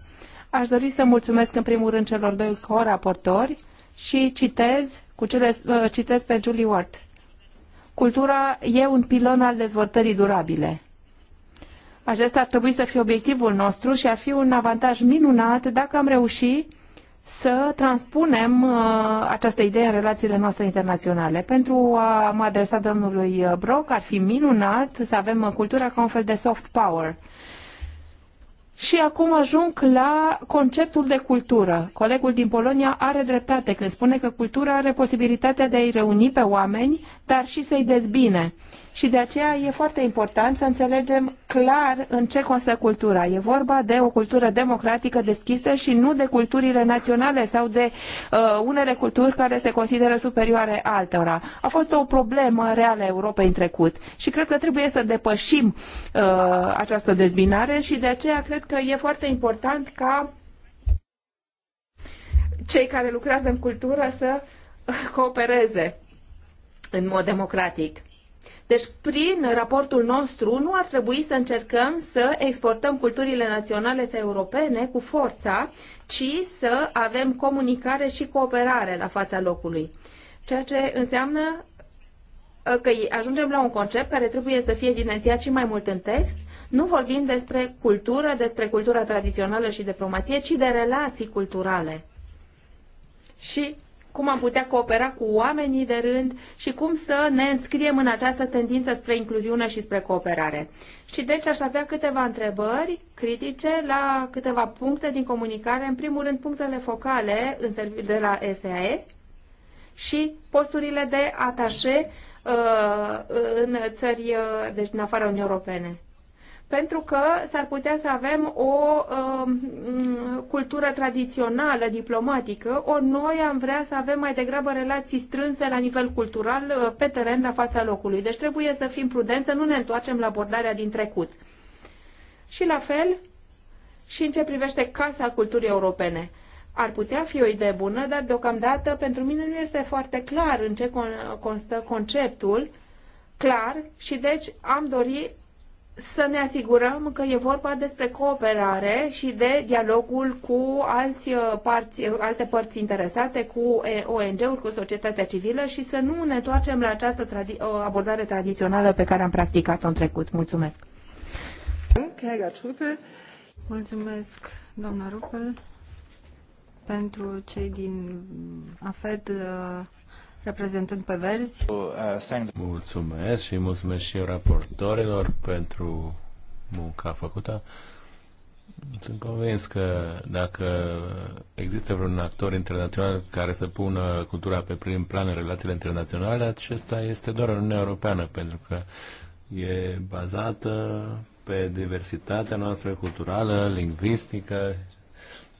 Aș dori să mulțumesc în primul rând celor doi co-raportori și citez, cu cele, uh, citez pe Julie Ward. Cultura e un pilon al dezvoltării durabile. Acesta ar trebui să fie obiectivul nostru și ar fi un avantaj minunat dacă am reușit să transpunem uh, această idee în relațiile noastre internaționale. Pentru a mă adresa domnului Brock, ar fi minunat să avem cultura ca un fel de soft power. Uh, și acum ajung la conceptul de cultură. Colegul din Polonia are dreptate când spune că cultura are posibilitatea de a-i reuni pe oameni, dar și să-i dezbine și de aceea e foarte important să înțelegem clar în ce constă cultura. E vorba de o cultură democratică deschisă și nu de culturile naționale sau de uh, unele culturi care se consideră superioare altora. A fost o problemă reală a Europei în trecut și cred că trebuie să depășim uh, această dezbinare și de aceea cred că e foarte important ca cei care lucrează în cultură să uh, coopereze în mod democratic. Deci, prin raportul nostru, nu ar trebui să încercăm să exportăm culturile naționale sau europene cu forța, ci să avem comunicare și cooperare la fața locului. Ceea ce înseamnă uh, că ajungem la un concept care trebuie să fie evidențiat și mai mult în text. Nu vorbim despre cultură, despre cultura tradițională și diplomație, ci de relații culturale. Și cum am putea coopera cu oamenii de rând și cum să ne înscriem în această tendință spre incluziune și spre cooperare. Și deci aș avea câteva întrebări critice la câteva puncte din comunicare, în primul rând punctele focale de la SAE și posturile de atașe uh, în țări, uh, deci în afara Uniunii Europene pentru că s-ar putea să avem o uh, cultură tradițională diplomatică, o noi am vrea să avem mai degrabă relații strânse la nivel cultural, uh, pe teren, la fața locului. Deci trebuie să fim prudenți, să nu ne întoarcem la abordarea din trecut. Și la fel, și în ce privește Casa Culturii Europene. Ar putea fi o idee bună, dar deocamdată pentru mine nu este foarte clar în ce constă conceptul clar și deci am dori să ne asigurăm că e vorba despre cooperare și de dialogul cu alți uh, parți, uh, alte părți interesate, cu ONG-uri, cu societatea civilă și să nu ne întoarcem la această tradi- uh, abordare tradițională pe care am practicat-o în trecut. Mulțumesc! Mulțumesc, doamna Rupel, pentru cei din AFED reprezentând pe Verzi. Uh, uh, mulțumesc și mulțumesc și raportorilor pentru munca făcută. Sunt convins că dacă există vreun actor internațional care să pună cultura pe prim plan în relațiile internaționale, acesta este doar Uniunea Europeană, pentru că e bazată pe diversitatea noastră culturală, lingvistică,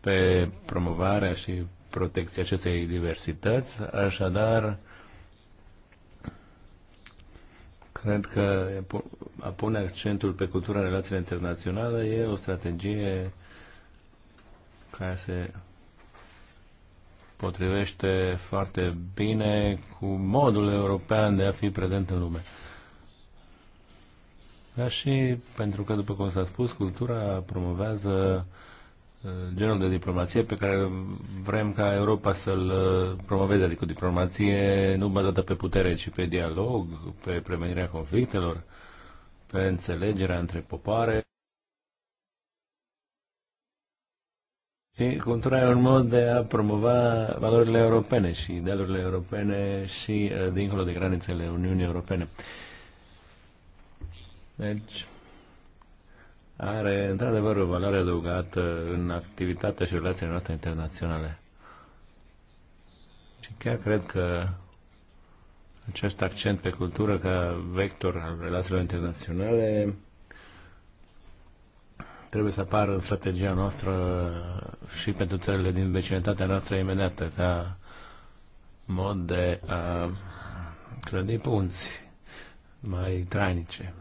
pe promovarea și protecția acestei diversități, așadar cred că a pune accentul pe cultura în relațiile internaționale e o strategie care se potrivește foarte bine cu modul european de a fi prezent în lume. Dar și pentru că, după cum s-a spus, cultura promovează uh, genul de diplomație pe care vrem ca Europa să-l uh, promoveze, adică diplomație nu bazată pe putere, ci pe dialog, pe prevenirea conflictelor, pe înțelegerea între popoare. Și cultura e un mod de a promova valorile europene și idealurile europene și uh, dincolo de granițele Uniunii Europene. Deci, are într-adevăr o valoare adăugată în activitatea și relațiile noastre internaționale. Și chiar cred că acest accent pe cultură ca vector al relațiilor internaționale trebuie să apară în strategia noastră și pentru țările din vecinătatea noastră imediată, ca mod de a clădi punți mai trainice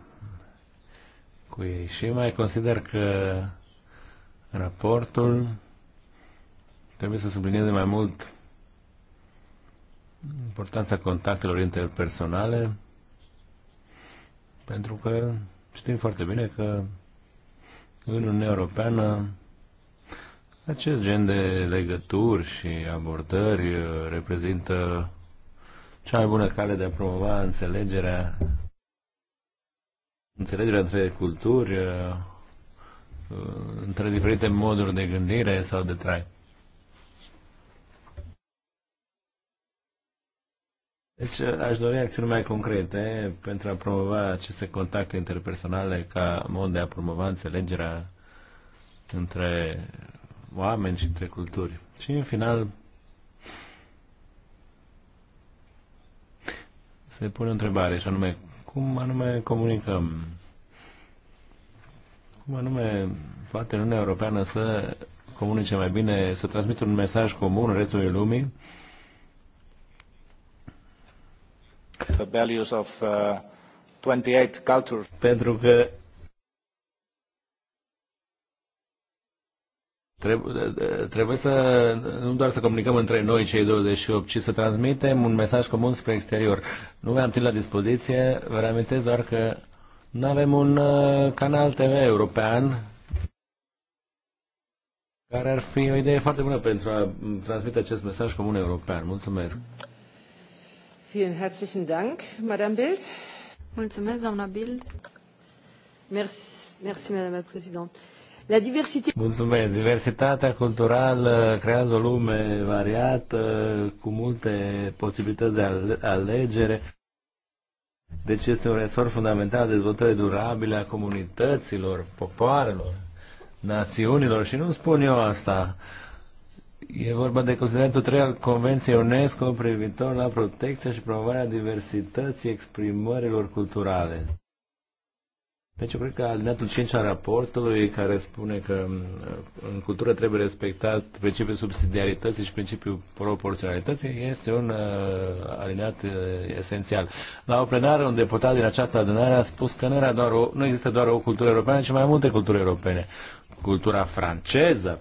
cu ei. Și mai consider că raportul trebuie să sublinieze mai mult importanța contactelor interpersonale, pentru că știm foarte bine că în Uniunea Europeană acest gen de legături și abordări reprezintă cea mai bună cale de a promova înțelegerea Înțelegerea între culturi, uh, uh, între diferite moduri de gândire sau de trai. Deci uh, aș dori acțiuni mai concrete pentru a promova aceste contacte interpersonale ca mod de a promova înțelegerea între oameni și între culturi. Și în final se pune o întrebare și anume cum anume comunicăm? Cum anume poate Uniunea Europeană să comunice mai bine, să transmită un mesaj comun restului lumii? The values of uh, 28 cultures. Pentru că Trebuie, să nu doar să comunicăm între noi cei 28, ci să transmitem un mesaj comun spre exterior. Nu mi-am timp la dispoziție, vă reamintesc doar că nu avem un uh, canal TV european care ar fi o idee foarte bună pentru a transmite acest mesaj comun european. Mulțumesc! Vielen herzlichen Dank, Madame Bild. Mulțumesc, doamna Bild. Merci, merci Madame la Présidente. La diversitate... Mulțumesc! Diversitatea culturală creează o lume variată, cu multe posibilități de alegere. Deci este un resort fundamental de dezvoltare durabile a comunităților, popoarelor, națiunilor și nu spun eu asta. E vorba de considerentul 3 al Convenției UNESCO privitor la protecția și promovarea diversității exprimărilor culturale. Deci eu cred că alineatul 5 al raportului care spune că uh, în cultură trebuie respectat principiul subsidiarității și principiul proporționalității este un uh, alineat uh, esențial. La o plenară un deputat din această adunare a spus că nu, era doar o, nu există doar o cultură europeană, ci mai multe culturi europene. Cultura franceză,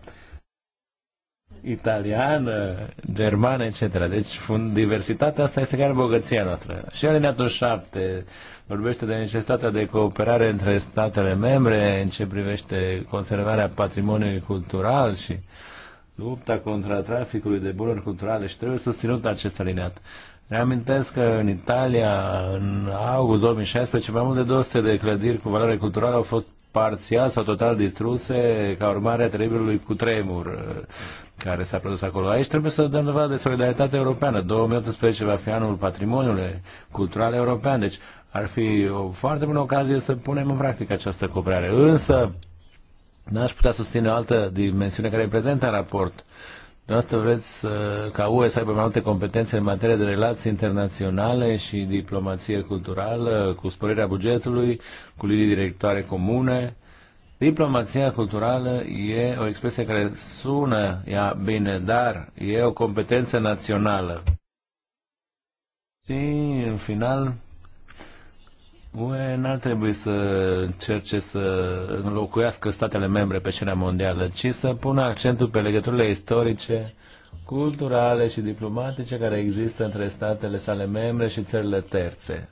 italiană, germană, etc. Deci diversitatea asta este chiar bogăția noastră. Și alineatul 7 vorbește de necesitatea de cooperare între statele membre în ce privește conservarea patrimoniului cultural și lupta contra traficului de bunuri culturale și trebuie susținut acest alineat. Reamintesc că în Italia, în august 2016, mai mult de 200 de clădiri cu valoare culturală au fost parțial sau total distruse ca urmare a teribilului cu tremur uh, care s-a produs acolo. Aici trebuie să dăm dovadă de solidaritate europeană. 2018 va fi anul patrimoniului cultural european, deci ar fi o foarte bună ocazie să punem în practică această cooperare. Însă, n-aș putea susține o altă dimensiune care e prezentă în raport. Uh, Dumneavoastră vreți ca UE să aibă mai multe competențe în materie de relații internaționale și diplomație culturală, cu sporirea bugetului, cu linii directoare comune. Diplomația culturală e o expresie care sună ea bine, dar e o competență națională. Și, în final, UE n-ar trebui să încerce să înlocuiască statele membre pe scena mondială, ci să pună accentul pe legăturile istorice, culturale și diplomatice care există între statele sale membre și țările terțe.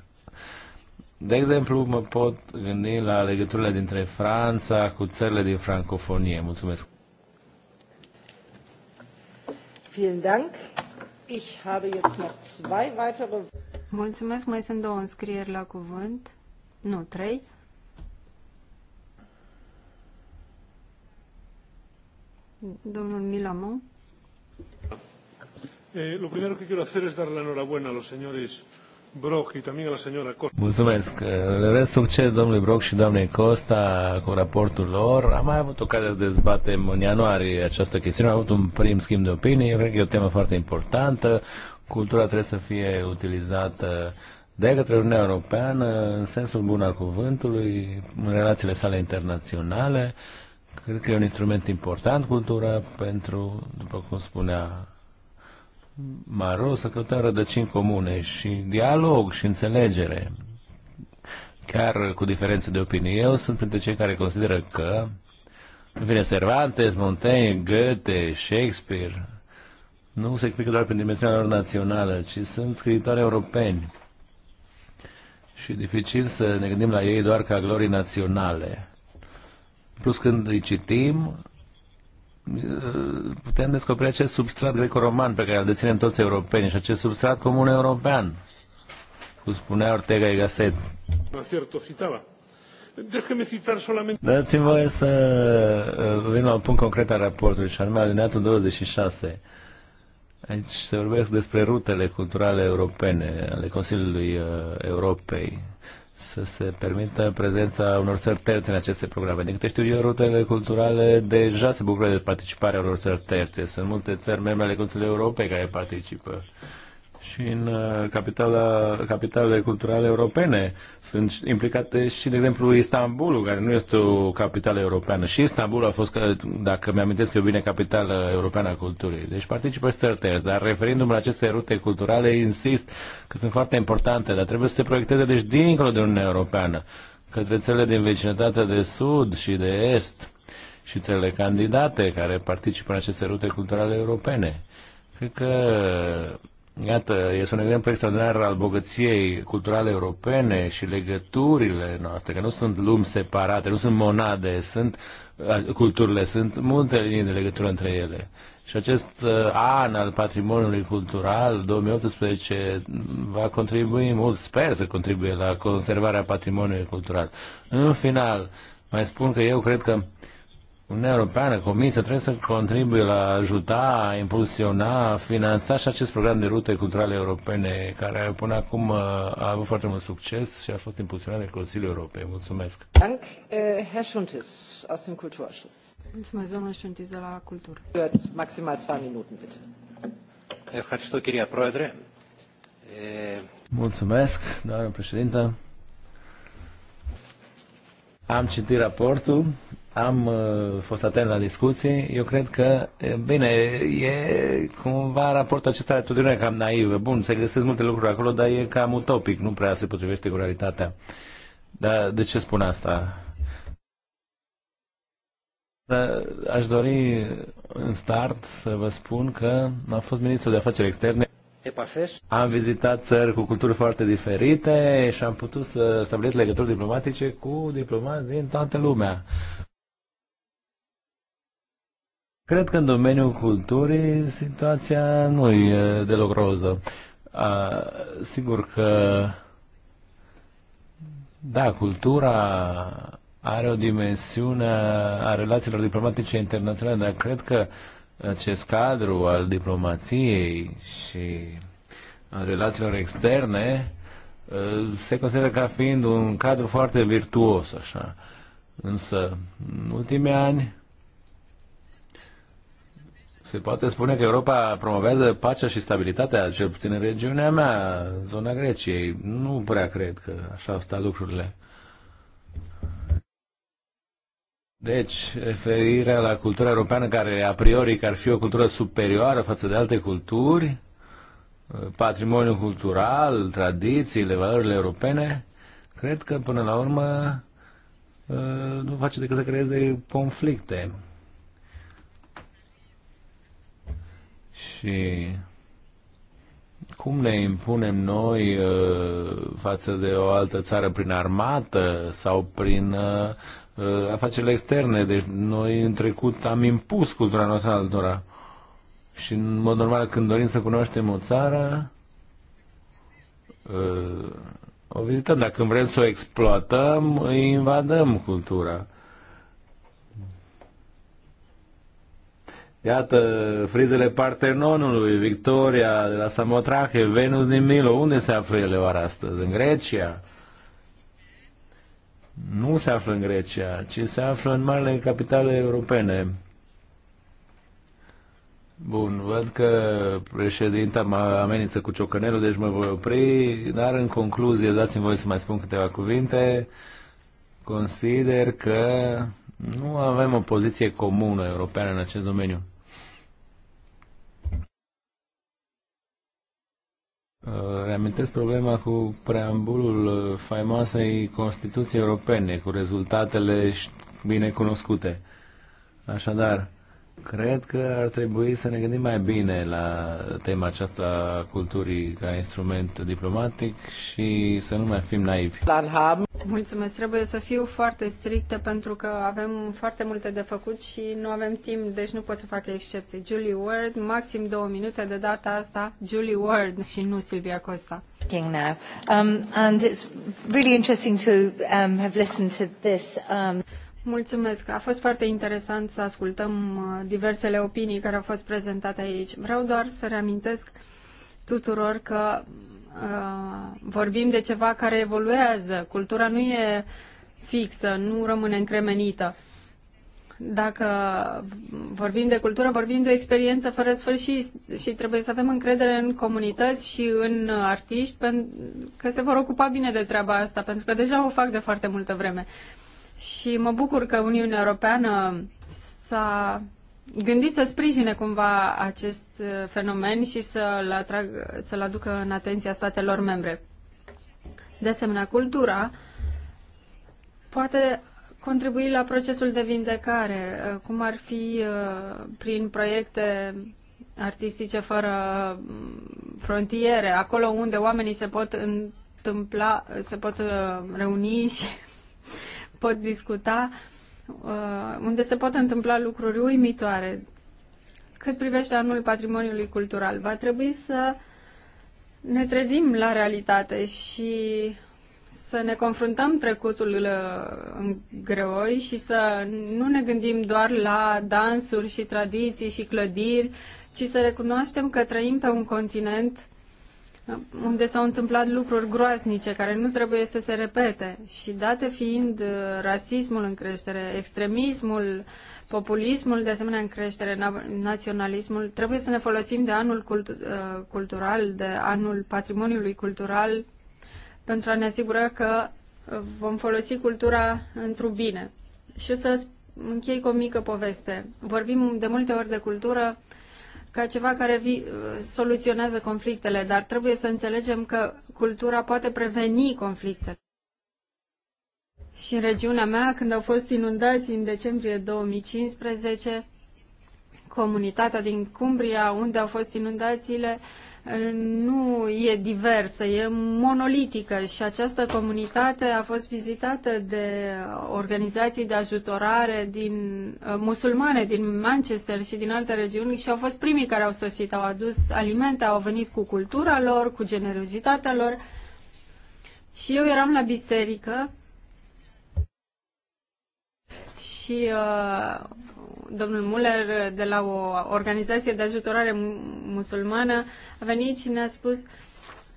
De exemplu, mă pot gândi la legăturile dintre Franța cu țările din francofonie. Mulțumesc! Vielen Dank. Ich habe jetzt noch zwei weitere... Mulțumesc, mai sunt două înscrieri la cuvânt. Nu, trei. Domnul Milamon. Eh, lo primero que quiero hacer es dar la enhorabuena a los señores Broc și también a la señora Costa. Mulțumesc. Le urez succes domnului Broc și doamnei Costa cu raportul lor. Am mai avut ocazia să dezbatem în ianuarie această chestiune. Am avut un prim schimb de opinii. Eu cred că e o temă foarte importantă. Cultura trebuie să fie utilizată de către Uniunea Europeană în sensul bun al cuvântului, în relațiile sale internaționale. Cred că e un instrument important cultura pentru, după cum spunea rog să căutăm rădăcini comune și dialog și înțelegere, chiar cu diferențe de opinie. Eu sunt printre cei care consideră că, vine Cervantes, Montaigne, Goethe, Shakespeare, nu se explică doar prin dimensiunea lor națională, ci sunt scriitori europeni. Și dificil să ne gândim la ei doar ca glorii naționale. Plus când îi citim, putem descoperi acest substrat greco-roman pe care îl deținem toți europenii și acest substrat comun european, cum spunea Ortega y Gasset. Dați-mi voie să uh, vin la un punct concret al raportului și anume alineatul 26. Aici se vorbesc despre rutele culturale europene ale Consiliului uh, Europei să se permită prezența unor țări terțe în aceste programe. Din câte știu eu, rutele culturale deja se bucură de participarea unor țări terțe. Sunt multe țări membre ale Consiliului Europei care participă. Uh, și în uh, capitala, capitalele culturale europene. Sunt implicate și, de exemplu, Istanbulul, care nu este o capitală europeană. Și Istanbul a fost, uh, dacă mi-amintesc eu bine, capitală europeană a culturii. Deci participă și țări dar referindu-mă la aceste rute culturale, insist că sunt foarte importante, dar trebuie să se proiecteze, deci, dincolo de Uniunea Europeană, către țările din vecinătatea de sud și de est și țările candidate care participă în aceste rute culturale europene. Cred că Iată, este un exemplu extraordinar al bogăției culturale europene și legăturile noastre, că nu sunt lumi separate, nu sunt monade, sunt culturile, sunt multe linii de legătură între ele. Și acest uh, an al patrimoniului cultural, 2018, va contribui mult, sper să contribuie la conservarea patrimoniului cultural. În final, mai spun că eu cred că Uniunea Europeană, Comisia, trebuie să contribuie la a ajuta, a impulsiona, a finanța și acest program de rute culturale europene, care până acum uh, a avut foarte mult succes și a fost impulsionat de Consiliul Europei. Mulțumesc! Dank, uh, Herr Schuntis, aus dem Kulturausschuss. Mulțumesc, domnul Schuntis, de la Cultură. Maximal 2 minute, bitte. Mulțumesc, doamnă președintă. Am citit raportul am uh, fost atent la discuții. Eu cred că, bine, e cumva raportul acesta de atitudine cam naiv. Bun, se găsesc multe lucruri acolo, dar e cam utopic, nu prea se potrivește cu realitatea. Dar de ce spun asta? Da, aș dori în start să vă spun că am fost ministru de afaceri externe am vizitat țări cu culturi foarte diferite și am putut să stabilesc legături diplomatice cu diplomați din toată lumea. Cred că în domeniul culturii situația nu e deloc roză. A, sigur că, da, cultura are o dimensiune a relațiilor diplomatice internaționale, dar cred că acest cadru al diplomației și a relațiilor externe se consideră ca fiind un cadru foarte virtuos, așa. Însă, în ultimii ani, se poate spune că Europa promovează pacea și stabilitatea, cel puțin în regiunea mea, zona Greciei. Nu prea cred că așa stau lucrurile. Deci, referirea la cultura europeană, care a priori că ar fi o cultură superioară față de alte culturi, patrimoniul cultural, tradițiile, valorile europene, cred că până la urmă nu face decât să creeze conflicte. Și cum ne impunem noi uh, față de o altă țară prin armată sau prin uh, uh, afacerile externe? Deci noi în trecut am impus cultura noastră altora. Și în mod normal când dorim să cunoaștem o țară, o vizităm. Dacă vrem să o exploatăm, invadăm cultura. Iată, frizele Partenonului, Victoria de la Samotrache, Venus din Milo, unde se află ele oare astăzi? În Grecia? Nu se află în Grecia, ci se află în marile capitale europene. Bun, văd că președinta mă amenință cu ciocănelul, deci mă voi opri, dar în concluzie dați-mi voi să mai spun câteva cuvinte. Consider că nu avem o poziție comună europeană în acest domeniu. Uh, reamintesc problema cu preambulul uh, faimoasei Constituției Europene, cu rezultatele bine cunoscute. Așadar, cred că ar trebui să ne gândim mai bine la tema aceasta culturii ca instrument diplomatic și să nu mai fim naivi. Mulțumesc, trebuie să fiu foarte strictă pentru că avem foarte multe de făcut și nu avem timp, deci nu pot să fac excepții. Julie Ward, maxim două minute de data asta, Julie Ward și nu Silvia Costa. Now. Um, and it's really interesting to um, have listened to this. Um... Mulțumesc. A fost foarte interesant să ascultăm uh, diversele opinii care au fost prezentate aici. Vreau doar să reamintesc tuturor că uh, vorbim de ceva care evoluează. Cultura nu e fixă, nu rămâne încremenită. Dacă vorbim de cultură, vorbim de o experiență fără sfârșit și trebuie să avem încredere în comunități și în uh, artiști că se vor ocupa bine de treaba asta, pentru că deja o fac de foarte multă vreme. Uh, și mă bucur că Uniunea Europeană s-a gândit să sprijine cumva acest uh, fenomen și să-l, atrag, să-l aducă în atenția statelor membre. De asemenea, cultura poate contribui la procesul de vindecare, uh, cum ar fi uh, prin proiecte artistice fără mm, frontiere, acolo unde oamenii se pot întâmpla, se pot reuni și [LAUGHS] pot discuta, uh, unde se pot întâmpla lucruri uimitoare. Cât privește anul patrimoniului cultural, va trebui să ne trezim la realitate și să ne confruntăm trecutul uh, în greoi și să nu ne gândim doar la dansuri și tradiții și clădiri, ci să recunoaștem că trăim pe un continent unde s-au întâmplat lucruri groaznice care nu trebuie să se repete și date fiind uh, rasismul în creștere, extremismul, populismul de asemenea în creștere, naționalismul, trebuie să ne folosim de anul cult- uh, cultural, de anul patrimoniului cultural pentru a ne asigura că vom folosi cultura într-un bine. Și o să închei cu o mică poveste. Vorbim de multe ori de cultură ca ceva care vi, uh, soluționează conflictele, dar trebuie să înțelegem că cultura poate preveni conflictele. Și în regiunea mea, când au fost inundații în decembrie 2015, comunitatea din Cumbria, unde au fost inundațiile, nu e diversă, e monolitică și această comunitate a fost vizitată de organizații de ajutorare din uh, musulmane din Manchester și din alte regiuni și au fost primii care au sosit, au adus alimente, au venit cu cultura lor, cu generozitatea lor. Și eu eram la biserică și uh, domnul Muller de la o organizație de ajutorare musulmană a venit și ne-a spus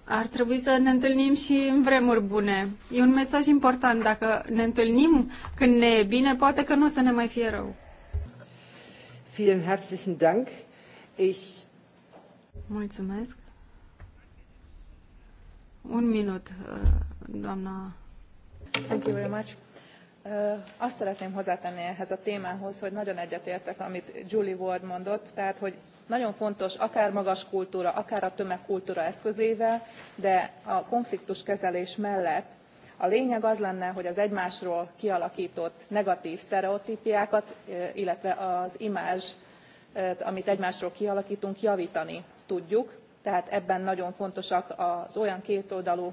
ar trebui să ne întâlnim și în vremuri bune. E un mesaj important. Dacă ne întâlnim când ne e bine, poate că nu o să ne mai fie rău. Vielen herzlichen Dank. Ich... Mulțumesc. Un minut, uh, doamna. Thank you very much. Azt szeretném hozzátenni ehhez a témához, hogy nagyon egyetértek, amit Julie Ward mondott, tehát hogy nagyon fontos akár magas kultúra, akár a tömegkultúra eszközével, de a konfliktuskezelés mellett a lényeg az lenne, hogy az egymásról kialakított negatív sztereotípiákat, illetve az imázs, amit egymásról kialakítunk, javítani tudjuk. Tehát ebben nagyon fontosak az olyan kétoldalú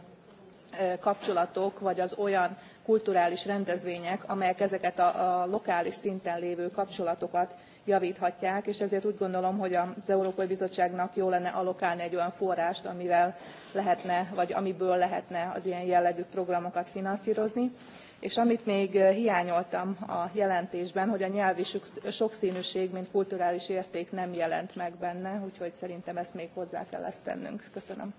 kapcsolatok, vagy az olyan kulturális rendezvények, amelyek ezeket a, a lokális szinten lévő kapcsolatokat javíthatják, és ezért úgy gondolom, hogy az Európai Bizottságnak jó lenne alokálni egy olyan forrást, amivel lehetne, vagy amiből lehetne az ilyen jellegű programokat finanszírozni. És amit még hiányoltam a jelentésben, hogy a nyelvi sokszínűség, mint kulturális érték nem jelent meg benne, úgyhogy szerintem ezt még hozzá kell ezt tennünk. Köszönöm.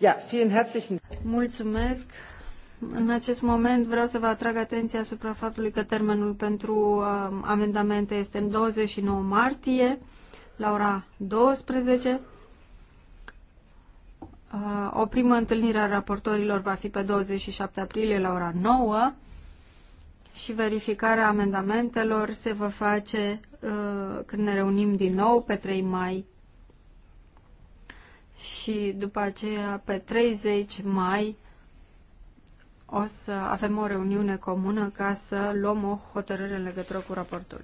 Ja, vielen herzlichen Mulțumesc. În acest moment vreau să vă atrag atenția asupra faptului că termenul pentru um, amendamente este în 29 martie la ora 12. Uh, o primă întâlnire a raportorilor va fi pe 27 aprilie la ora 9 și verificarea amendamentelor se va face uh, când ne reunim din nou pe 3 mai și după aceea pe 30 mai o să avem o reuniune comună ca să luăm o hotărâre în legătură cu raportul.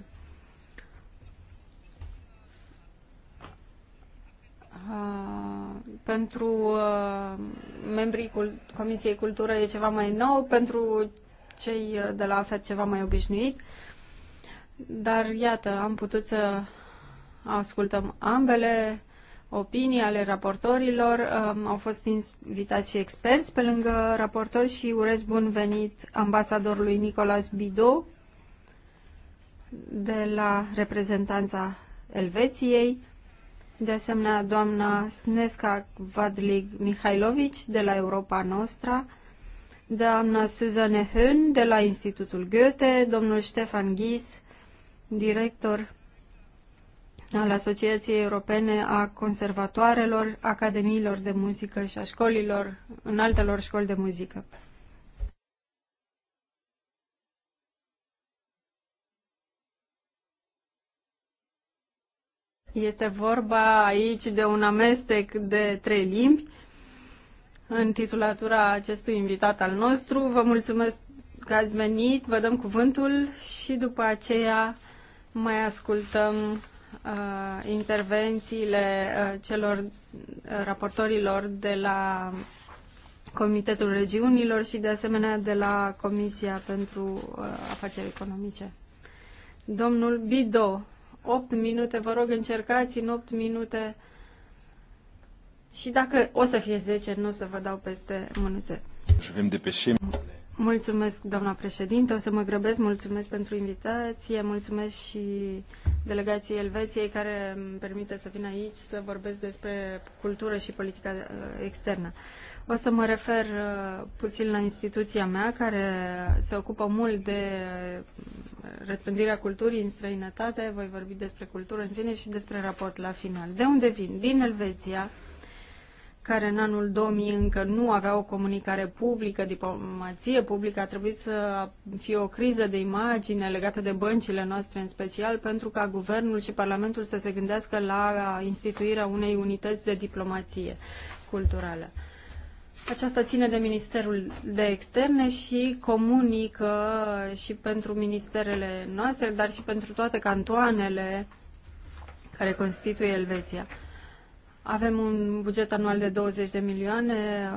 Ah, pentru ah, membrii Comisiei Cultură e ceva mai nou, pentru cei de la AFET ceva mai obișnuit. Dar iată, am putut să ascultăm ambele opinii ale raportorilor. Um, au fost invitați și experți pe lângă raportori și urez bun venit ambasadorului Nicolas Bido de la reprezentanța Elveției, de asemenea doamna Sneska Vadlig Mihailovici de la Europa Nostra, doamna Suzanne Hön de la Institutul Goethe, domnul Stefan Gies, director al Asociației Europene a Conservatoarelor, Academiilor de Muzică și a școlilor, în altelor școli de muzică. Este vorba aici de un amestec de trei limbi. În titulatura acestui invitat al nostru, vă mulțumesc că ați venit, vă dăm cuvântul și după aceea mai ascultăm uh, intervențiile uh, celor uh, raportorilor de la Comitetul Regiunilor și de asemenea de la Comisia pentru uh, Afaceri Economice. Domnul Bido, 8 minute, vă rog încercați în 8 minute și dacă o să fie 10, nu o să vă dau peste mânuțe. Mulțumesc, doamna președinte. O să mă grăbesc. Mulțumesc pentru invitație. Mulțumesc și delegației Elveției care îmi permite să vin aici să vorbesc despre cultură și politica uh, externă. O să mă refer uh, puțin la instituția mea care se ocupă mult de uh, răspândirea culturii în străinătate. Voi vorbi despre cultură în sine și despre raport la final. De unde vin? Din Elveția care în anul 2000 încă nu avea o comunicare publică, diplomație publică, a trebuit să fie o criză de imagine legată de băncile noastre în special, pentru ca guvernul și Parlamentul să se gândească la instituirea unei unități de diplomație culturală. Aceasta ține de Ministerul de Externe și comunică și pentru ministerele noastre, dar și pentru toate cantoanele care constituie Elveția. Avem un buget anual de 20 de milioane,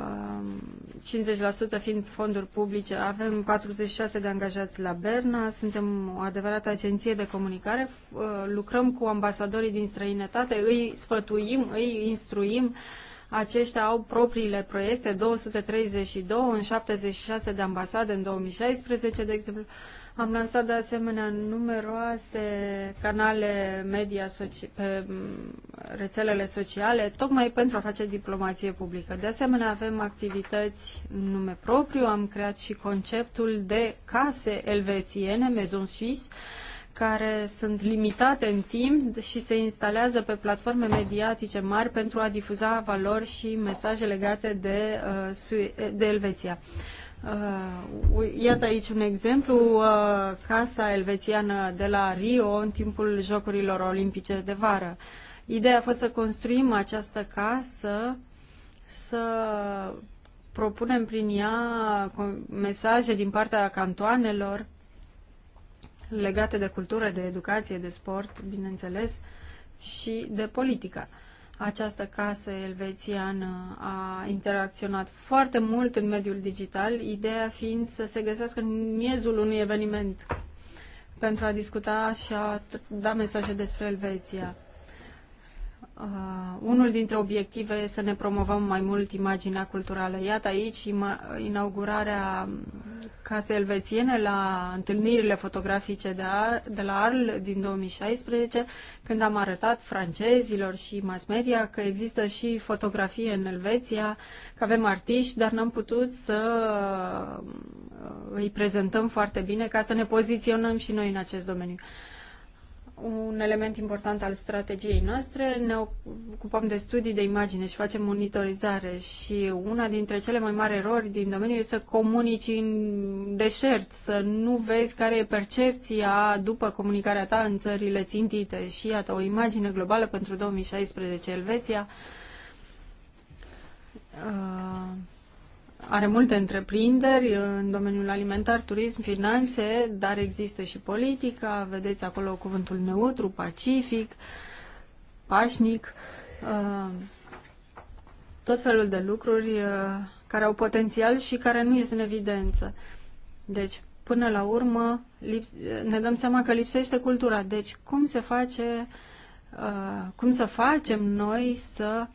50% fiind fonduri publice. Avem 46 de angajați la Berna, suntem o adevărată agenție de comunicare, uh, lucrăm cu ambasadorii din străinătate, îi sfătuim, îi instruim. Aceștia au propriile proiecte, 232 în 76 de ambasade în 2016, de exemplu. Am lansat de asemenea numeroase canale media soci- pe rețelele sociale, tocmai pentru a face diplomație publică. De asemenea, avem activități în nume propriu, am creat și conceptul de case elvețiene, Maison Suisse, care sunt limitate în timp și se instalează pe platforme mediatice mari pentru a difuza valori și mesaje legate de, uh, de Elveția. Uh, iată aici un exemplu, uh, Casa Elvețiană de la Rio în timpul Jocurilor Olimpice de vară. Ideea a fost să construim această casă, să propunem prin ea mesaje din partea cantoanelor legate de cultură, de educație, de sport, bineînțeles, și de politică. Această casă elvețiană a interacționat foarte mult în mediul digital, ideea fiind să se găsească în miezul unui eveniment pentru a discuta și a da mesaje despre Elveția uh, unul dintre obiective e să ne promovăm mai mult imaginea culturală. Iată aici inaugurarea casei elvețiene la întâlnirile fotografice de, Ar, de la Arl din 2016, când am arătat francezilor și mass media că există și fotografie în Elveția, că avem artiști, dar n-am putut să uh, îi prezentăm foarte bine ca să ne poziționăm și noi în acest domeniu. Uh, un element important al strategiei noastre. Ne ocupăm de studii de imagine și facem monitorizare și una dintre cele mai mari erori din domeniu este să comunici în deșert, să nu vezi care e percepția după comunicarea ta în țările țintite. Și iată, o imagine globală pentru 2016 Elveția. Uh are multe întreprinderi în domeniul alimentar, turism, finanțe, dar există și politica, vedeți acolo cuvântul neutru, pacific, pașnic, uh, tot felul de lucruri uh, care au potențial și care nu ies în evidență. Deci, până la urmă, ne dăm seama că lipsește cultura. Deci, cum se face, uh, cum să facem noi să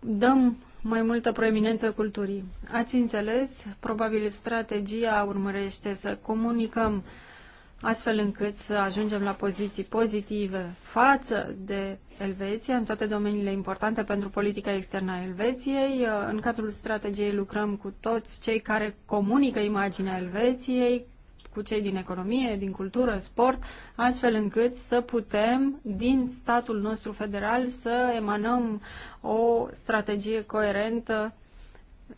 dăm mai multă proeminență culturii. Ați înțeles, probabil strategia urmărește să comunicăm astfel încât să ajungem la poziții pozitive față de Elveția în toate domeniile importante pentru politica externă a Elveției. În cadrul strategiei lucrăm cu toți cei care comunică imaginea Elveției, cu cei din economie, din cultură, sport, astfel încât să putem, din statul nostru federal, să emanăm o strategie coerentă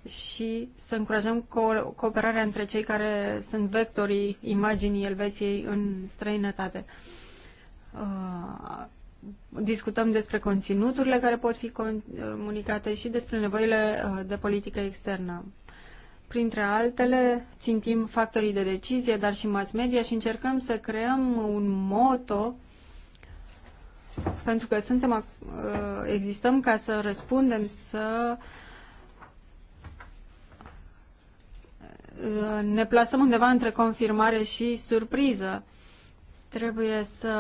și să încurajăm co- cooperarea între cei care sunt vectorii imaginii Elveției în străinătate. Uh, discutăm despre conținuturile care pot fi uh, comunicate și despre nevoile uh, de politică externă. Printre altele, țintim factorii de decizie, dar și mass media și încercăm să creăm un moto pentru că suntem, ă, existăm ca să răspundem, să ă, ne plasăm undeva între confirmare și surpriză. Trebuie să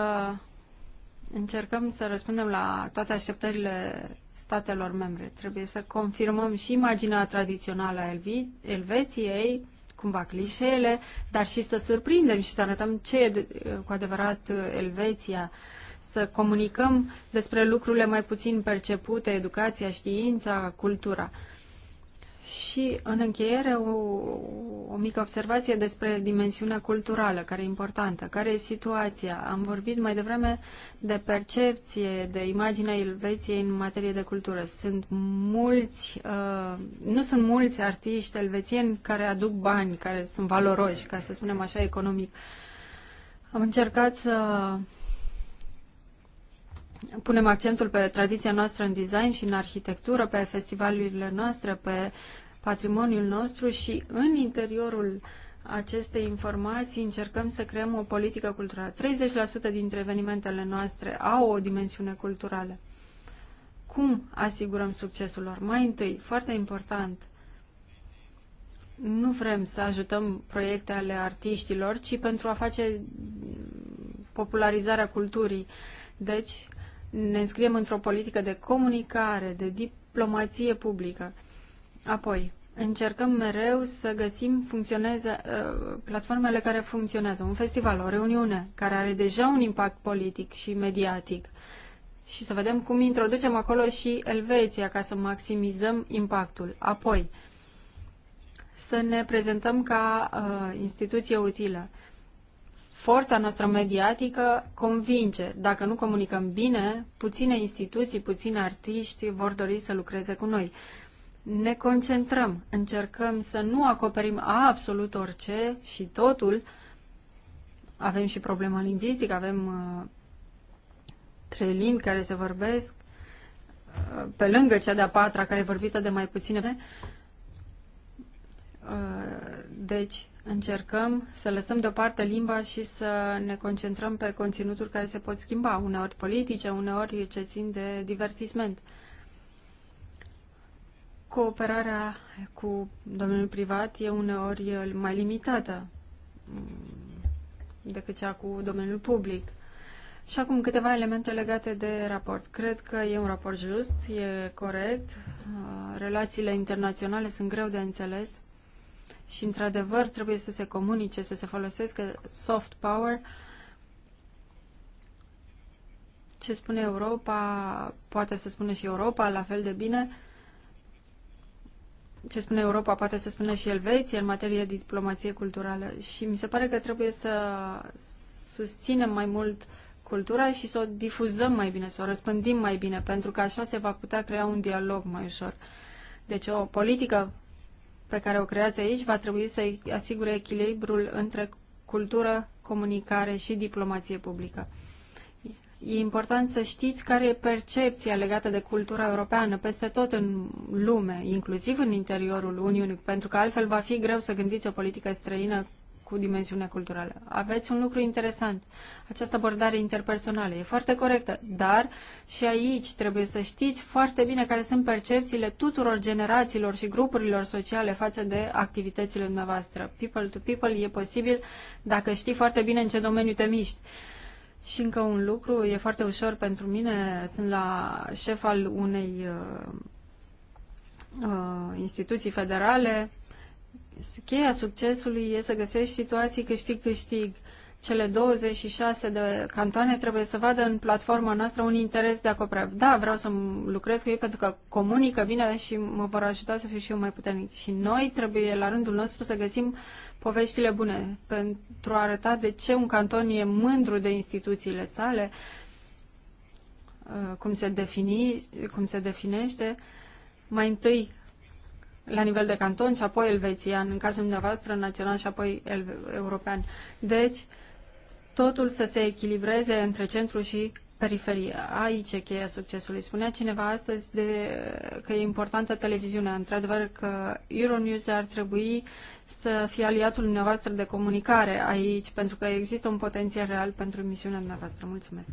Încercăm să răspundem la toate așteptările statelor membre. Trebuie să confirmăm și imaginea tradițională a Elveției, cumva clișeele, dar și să surprindem și să arătăm ce e cu adevărat Elveția, să comunicăm despre lucrurile mai puțin percepute, educația, știința, cultura. Și, în încheiere, o, o mică observație despre dimensiunea culturală, care e importantă. Care e situația? Am vorbit mai devreme de percepție, de imaginea Elveției în materie de cultură. Sunt mulți, uh, nu sunt mulți artiști elvețieni care aduc bani, care sunt valoroși, ca să spunem așa, economic. Am încercat să punem accentul pe tradiția noastră în design și în arhitectură, pe festivalurile noastre, pe patrimoniul nostru și în interiorul acestei informații încercăm să creăm o politică culturală. 30% dintre evenimentele noastre au o dimensiune culturală. Cum asigurăm succesul lor? Mai întâi, foarte important, nu vrem să ajutăm proiecte ale artiștilor, ci pentru a face popularizarea culturii. Deci, ne înscriem într-o politică de comunicare, de diplomație publică. Apoi, încercăm mereu să găsim funcționeze, uh, platformele care funcționează. Un festival, o reuniune, care are deja un impact politic și mediatic. Și să vedem cum introducem acolo și Elveția ca să maximizăm impactul. Apoi, să ne prezentăm ca uh, instituție utilă forța noastră mediatică convinge. Dacă nu comunicăm bine, puține instituții, puține artiști vor dori să lucreze cu noi. Ne concentrăm, încercăm să nu acoperim absolut orice și totul. Avem și problema lingvistică, avem uh, trei limbi care se vorbesc, uh, pe lângă cea de-a patra care e vorbită de mai puține. Uh, deci, încercăm să lăsăm deoparte limba și să ne concentrăm pe conținuturi care se pot schimba, uneori politice, uneori ce țin de divertisment. Cooperarea cu domeniul privat e uneori mai limitată mm, decât cea cu domeniul public. Și acum câteva elemente legate de raport. Cred că e un raport just, e corect, uh, relațiile internaționale sunt greu de înțeles, și, într-adevăr, trebuie să se comunice, să se folosească soft power. Ce spune Europa, poate să spună și Europa la fel de bine. Ce spune Europa, poate să spună și Elveția în materie de diplomație culturală. Și mi se pare că trebuie să susținem mai mult cultura și să o difuzăm mai bine, să o răspândim mai bine, pentru că așa se va putea crea un dialog mai ușor. Deci o politică pe care o creați aici va trebui să asigure echilibrul între cultură, comunicare și diplomație publică. E important să știți care e percepția legată de cultura europeană peste tot în lume, inclusiv în interiorul Uniunii, pentru că altfel va fi greu să gândiți o politică străină cu dimensiunea culturală. Aveți un lucru interesant. Această abordare interpersonală e foarte corectă, dar și aici trebuie să știți foarte bine care sunt percepțiile tuturor generațiilor și grupurilor sociale față de activitățile dumneavoastră. People to people e posibil dacă știi foarte bine în ce domeniu te miști. Și încă un lucru, e foarte ușor pentru mine, sunt la șef al unei uh, uh, instituții federale, cheia succesului e să găsești situații câștig-câștig. Cele 26 de cantoane trebuie să vadă în platforma noastră un interes de acoperire. Da, vreau să lucrez cu ei pentru că comunică bine și mă vor ajuta să fiu și eu mai puternic. Și noi trebuie, la rândul nostru, să găsim poveștile bune pentru a arăta de ce un canton e mândru de instituțiile sale, uh, cum se, defini, cum se definește. Mai întâi la nivel de canton și apoi elvețian, în cazul dumneavoastră național și apoi european. Deci, totul să se echilibreze între centru și periferie. Aici e cheia succesului. Spunea cineva astăzi de, că e importantă televiziunea. Într-adevăr că Euronews ar trebui să fie aliatul dumneavoastră de comunicare aici, pentru că există un potențial real pentru misiunea dumneavoastră. Mulțumesc!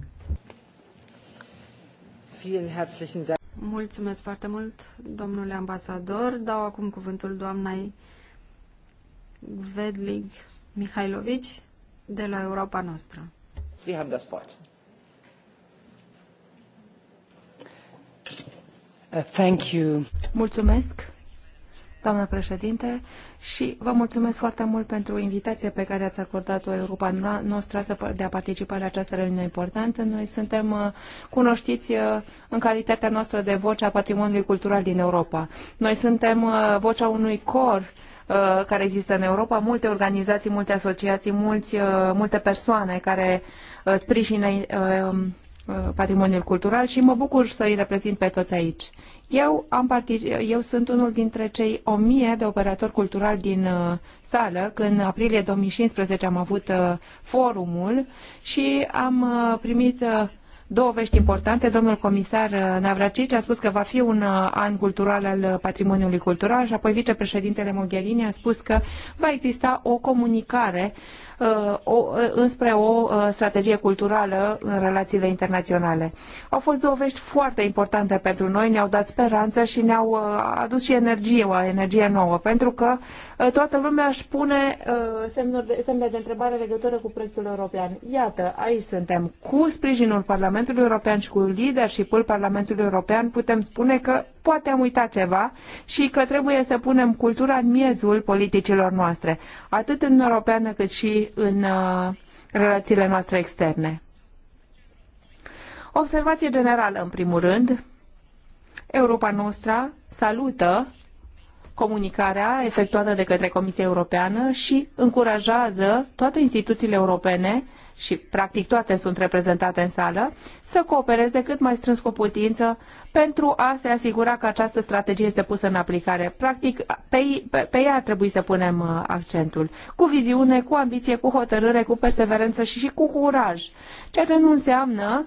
Vielen herzlichen Dank. Mulțumesc foarte mult, domnule ambasador. Dau acum cuvântul doamnei Vedlig Mihailovici de la Europa Noastră. Sie haben das Wort. Uh, thank you. Mulțumesc doamnă președinte, și vă mulțumesc foarte mult pentru invitația pe care ați acordat-o Europa noastră de a participa la această reuniune importantă. Noi suntem uh, cunoștiți uh, în calitatea noastră de vocea patrimoniului cultural din Europa. Noi suntem uh, vocea unui cor care există în Europa, multe organizații, multe asociații, mulți, multe persoane care sprijină patrimoniul cultural și mă bucur să îi reprezint pe toți aici. Eu, am partic- eu sunt unul dintre cei 1000 de operatori culturali din uh, sală. Când în aprilie 2015 am avut uh, forumul și am uh, primit uh, două vești importante. Domnul comisar uh, Navracici a spus că va fi un uh, an cultural al uh, patrimoniului cultural și apoi vicepreședintele Mogherini a spus că va exista o comunicare Uh, o, uh, înspre o uh, strategie culturală în relațiile internaționale. Au fost două vești foarte importante pentru noi, ne-au dat speranță și ne-au adus și energie, o energie nouă, pentru că toată lumea își pune de, semne de întrebare legătură cu proiectul european. Iată, aici suntem. Cu sprijinul Parlamentului European și cu leadership-ul Parlamentului European putem spune că poate am uitat ceva și că trebuie să punem cultura în miezul politicilor noastre, atât în Europeană cât și în uh, relațiile noastre externe. Observație generală, în primul rând, Europa noastră salută comunicarea efectuată de către Comisia Europeană și încurajează toate instituțiile europene și practic toate sunt reprezentate în sală, să coopereze cât mai strâns cu putință pentru a se asigura că această strategie este pusă în aplicare. Practic, pe, pe, pe ea ar trebui să punem uh, accentul. Cu viziune, cu ambiție, cu hotărâre, cu perseverență și, și cu curaj. Ceea ce nu înseamnă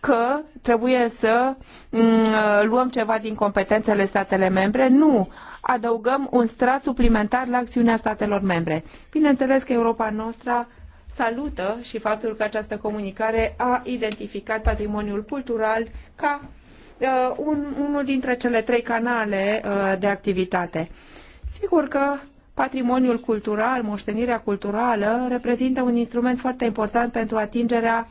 că trebuie să mm, uh, luăm ceva din competențele statele membre. Nu, adăugăm un strat suplimentar la acțiunea statelor membre. Bineînțeles că Europa noastră salută și faptul că această comunicare a identificat patrimoniul cultural ca uh, un, unul dintre cele trei canale uh, de activitate. Sigur că patrimoniul cultural, moștenirea culturală, reprezintă un instrument foarte important pentru atingerea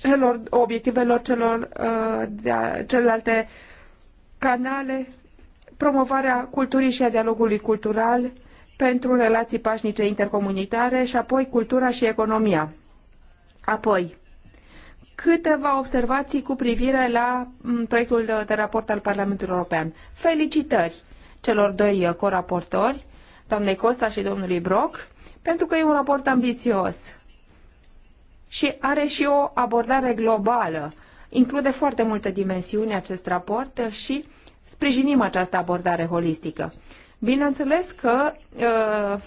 celor, obiectivelor celor uh, de a, celelalte canale promovarea culturii și a dialogului cultural pentru relații pașnice intercomunitare și apoi cultura și economia. Apoi, câteva observații cu privire la mm, proiectul de raport al Parlamentului European. Felicitări celor doi uh, coraportori, doamnei Costa și domnului Brock, pentru că e un raport ambițios și are și o abordare globală. Include foarte multe dimensiuni acest raport și uh, sprijinim această abordare holistică. Bineînțeles că uh,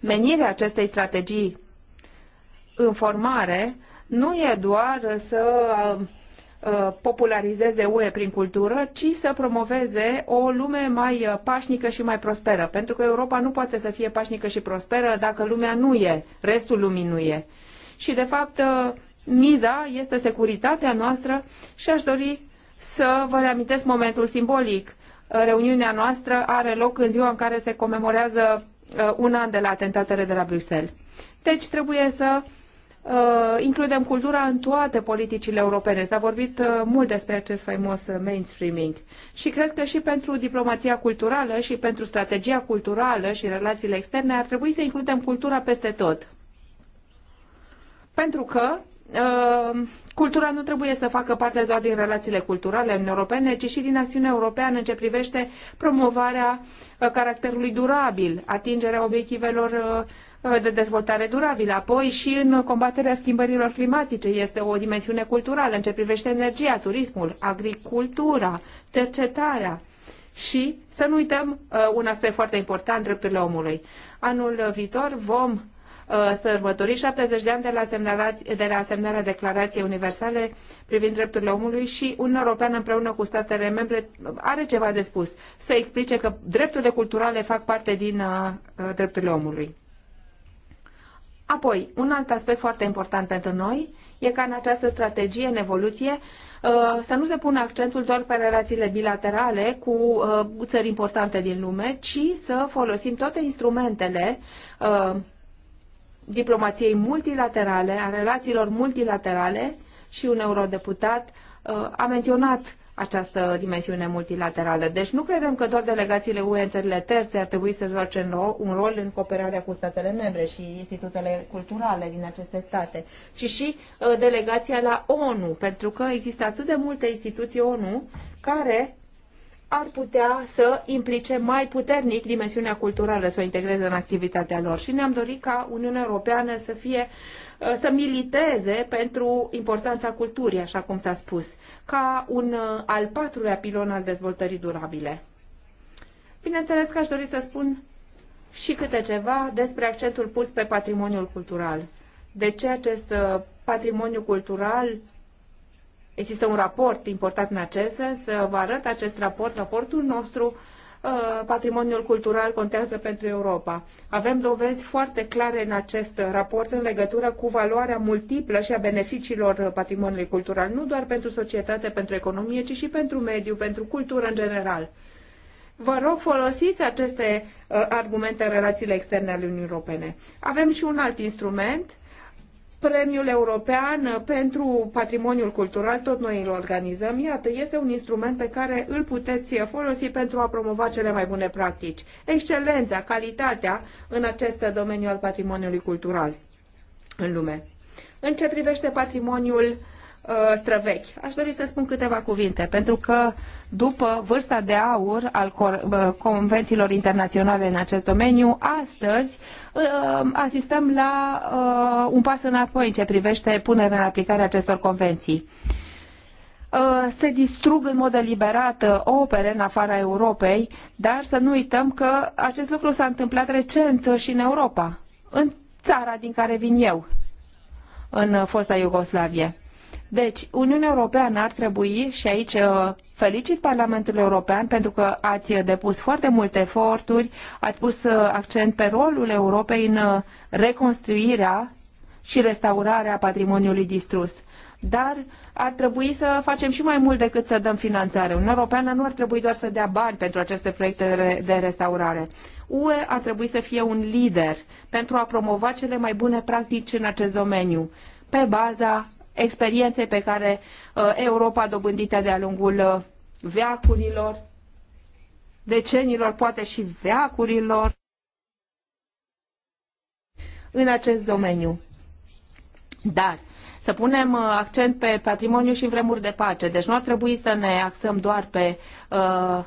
menirea acestei strategii în formare nu e doar să uh, popularizeze UE prin cultură, ci să promoveze o lume mai uh, pașnică și mai prosperă. Pentru că Europa nu poate să fie pașnică și prosperă dacă lumea nu e, restul lumii nu e. Și, de fapt, miza este securitatea noastră și aș dori să vă reamintesc momentul simbolic. Reuniunea noastră are loc în ziua în care se comemorează uh, un an de la atentatele de la Bruxelles. Deci trebuie să uh, includem cultura în toate politicile europene. S-a vorbit uh, mult despre acest faimos mainstreaming și cred că și pentru diplomația culturală și pentru strategia culturală și relațiile externe ar trebui să includem cultura peste tot. Pentru că Uh, cultura nu trebuie să facă parte doar din relațiile culturale europene, ci și din acțiunea europeană în ce privește promovarea uh, caracterului durabil, atingerea obiectivelor uh, de dezvoltare durabilă. Apoi și în combaterea schimbărilor climatice este o dimensiune culturală în ce privește energia, turismul, agricultura, cercetarea. Și să nu uităm un aspect foarte important, drepturile omului. Anul viitor vom Uh, sărbători 70 de ani de la, de la semnarea Declarației Universale privind drepturile omului și Uniunea Europeană împreună cu statele membre are ceva de spus. Să explice că drepturile culturale fac parte din uh, uh, drepturile omului. Apoi, un alt aspect foarte important pentru noi e ca în această strategie în evoluție să nu se pună accentul doar pe relațiile bilaterale cu țări importante din lume, ci să folosim toate instrumentele diplomației multilaterale, a relațiilor multilaterale și un eurodeputat uh, a menționat această dimensiune multilaterală. Deci nu credem că doar delegațiile UE în țările terțe ar trebui să joace un rol în cooperarea cu statele membre și institutele culturale din aceste state, ci și uh, delegația la ONU, pentru că există atât de multe instituții ONU care ar putea să implice mai puternic dimensiunea culturală, să o integreze în activitatea lor. Și ne-am dorit ca Uniunea Europeană să fie uh, să militeze pentru importanța culturii, așa cum s-a spus, ca un uh, al patrulea pilon al dezvoltării durabile. Bineînțeles că aș dori să spun și câte ceva despre accentul pus pe patrimoniul cultural. De ce acest uh, patrimoniu cultural Există un raport important în acest sens, vă arăt acest raport, raportul nostru, uh, patrimoniul cultural contează pentru Europa. Avem dovezi foarte clare în acest raport în legătură cu valoarea multiplă și a beneficiilor patrimoniului cultural, nu doar pentru societate, pentru economie, ci și pentru mediu, pentru cultură în general. Vă rog, folosiți aceste uh, argumente în relațiile externe ale Uniunii Europene. Avem și un alt instrument uh, Premiul European pentru Patrimoniul Cultural, tot noi îl organizăm. Iată, este un instrument pe care îl puteți folosi pentru a promova cele mai bune practici. Excelența, calitatea în acest domeniu al patrimoniului cultural în lume. În ce privește patrimoniul uh, Uh, străvechi. Aș dori să spun câteva cuvinte, pentru că după vârsta de aur al uh, convențiilor internaționale în acest domeniu, astăzi uh, asistăm la un pas înapoi în ce privește punerea în aplicare acestor convenții se distrug în mod deliberat opere în afara Europei, dar să nu uităm că acest lucru s-a întâmplat recent și în Europa, în țara din care vin eu, în fosta Iugoslavie. Deci, Uniunea Europeană ar trebui, și aici uh, felicit Parlamentul European pentru că ați depus foarte multe eforturi, ați pus uh, accent pe rolul Europei în uh, reconstruirea și restaurarea patrimoniului distrus. Dar ar trebui să facem și mai mult decât să dăm finanțare. Uniunea Europeană nu ar trebui doar să dea bani pentru aceste proiecte de restaurare. UE ar trebui să fie un lider pentru a promova cele mai bune practici în acest domeniu, pe baza experienței pe care uh, Europa a dobândită de-a lungul uh, veacurilor, decenilor, poate și veacurilor în acest domeniu. Dar să punem uh, accent pe patrimoniu și în vremuri de pace. Deci nu ar trebui să ne axăm doar pe uh,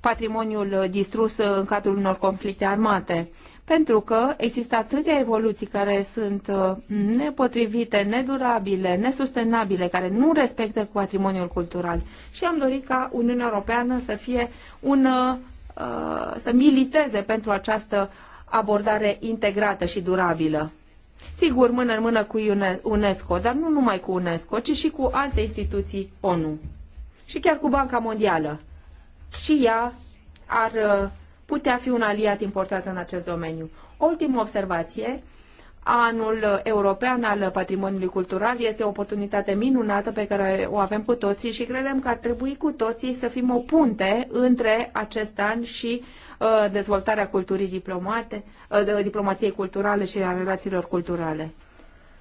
patrimoniul distrus în cadrul unor conflicte armate pentru că există atâtea evoluții care sunt uh, nepotrivite, nedurabile, nesustenabile, care nu respectă patrimoniul cultural. Și am dorit ca Uniunea Europeană să fie un uh, uh, să militeze pentru această abordare integrată și durabilă. Sigur, mână în mână cu UNESCO, dar nu numai cu UNESCO, ci și cu alte instituții ONU și chiar cu Banca Mondială. Și ea ar putea fi un aliat important în acest domeniu. Ultimă observație, Anul European al Patrimoniului Cultural este o oportunitate minunată pe care o avem cu toții și credem că ar trebui cu toții să fim o punte între acest an și uh, dezvoltarea culturii diplomate, uh, diplomației culturale și a relațiilor culturale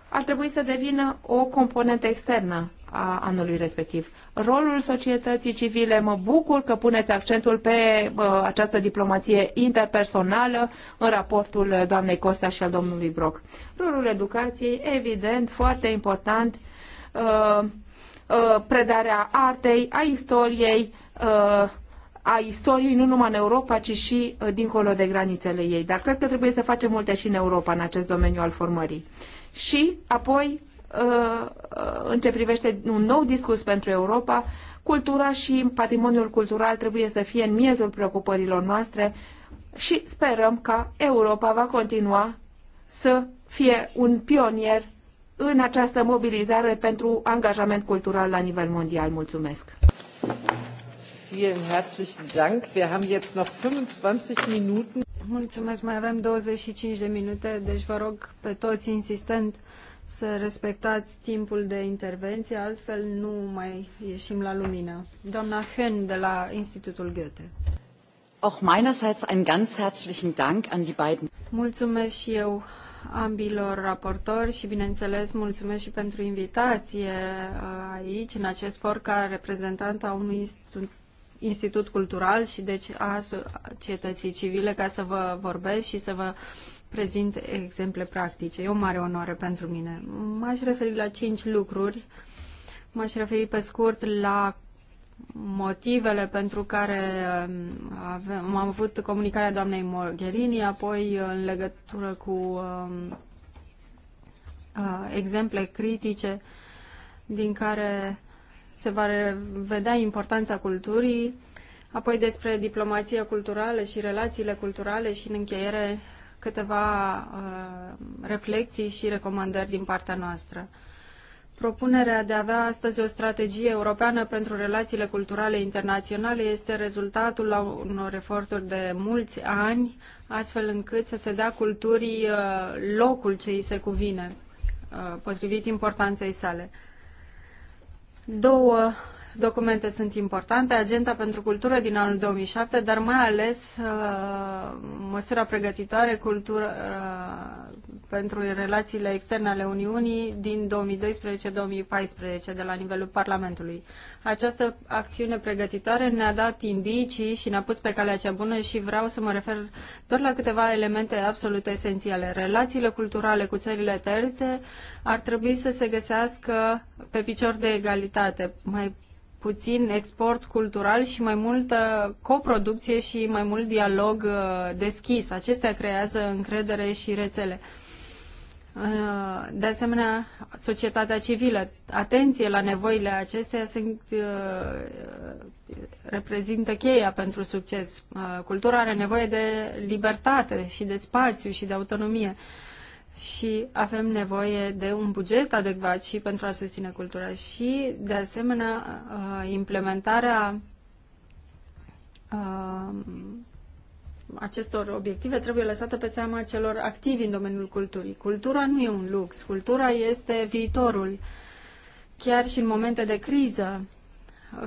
ar trebui să devină o componentă externă a anului respectiv. Rolul societății civile, mă bucur că puneți accentul pe această diplomație interpersonală în raportul doamnei Costa și al domnului Broc. Rolul educației, evident, foarte important, uh, uh, predarea artei, a istoriei, uh, a istoriei nu numai în Europa, ci și uh, dincolo de granițele ei. Dar cred că trebuie să facem multe și în Europa în acest domeniu al formării. Uh, și apoi uh, uh, în ce privește un nou discurs pentru Europa, cultura și patrimoniul cultural trebuie să fie în miezul preocupărilor noastre și sperăm că Europa va continua să fie un pionier în această mobilizare pentru angajament cultural la nivel mondial. Mulțumesc! vielen herzlichen Dank. Wir haben jetzt noch 25 Minuten. Mulțumesc, mai avem 25 de minute, deci vă rog pe toți insistent să respectați timpul de intervenție, altfel nu mai ieșim la lumină. Doamna Hön de la Institutul Goethe. Auch meinerseits einen ganz herzlichen Dank an die beiden. Mulțumesc și eu ambilor raportori și, bineînțeles, mulțumesc și pentru invitație uh, aici, în acest for, ca reprezentant a unui institut institut cultural și deci a societății civile ca să vă vorbesc și să vă prezint exemple practice. E o mare onoare pentru mine. M-aș referi la cinci lucruri. M-aș referi pe scurt la motivele pentru care um, avem, am avut comunicarea doamnei Mogherini, apoi în legătură cu uh, uh, exemple critice din care se va vedea importanța culturii, apoi despre diplomația culturală și relațiile culturale și în încheiere câteva uh, reflexii și recomandări din partea noastră. Propunerea de a avea astăzi o strategie europeană pentru relațiile culturale internaționale este rezultatul la unor eforturi de mulți ani, astfel încât să se dea culturii uh, locul ce îi se cuvine, uh, potrivit importanței sale două documente sunt importante, agenda pentru cultură din anul 2007, dar mai ales uh, măsura pregătitoare cultură, uh, pentru relațiile externe ale Uniunii din 2012-2014 de la nivelul Parlamentului. Această acțiune pregătitoare ne-a dat indicii și ne-a pus pe calea cea bună și vreau să mă refer doar la câteva elemente absolut esențiale. Relațiile culturale cu țările terțe ar trebui să se găsească pe picior de egalitate, mai puțin export cultural și mai multă coproducție și mai mult dialog uh, deschis. Acestea creează încredere și rețele. Uh, de asemenea, societatea civilă, atenție la nevoile acestea sunt, uh, reprezintă cheia pentru succes. Cultura are nevoie de libertate și de spațiu și de autonomie și avem nevoie de un buget adecvat și pentru a susține cultura și, de asemenea, uh, implementarea uh, acestor obiective trebuie lăsată pe seama celor activi în domeniul culturii. Cultura nu e un lux, cultura este viitorul. Chiar și în momente de criză,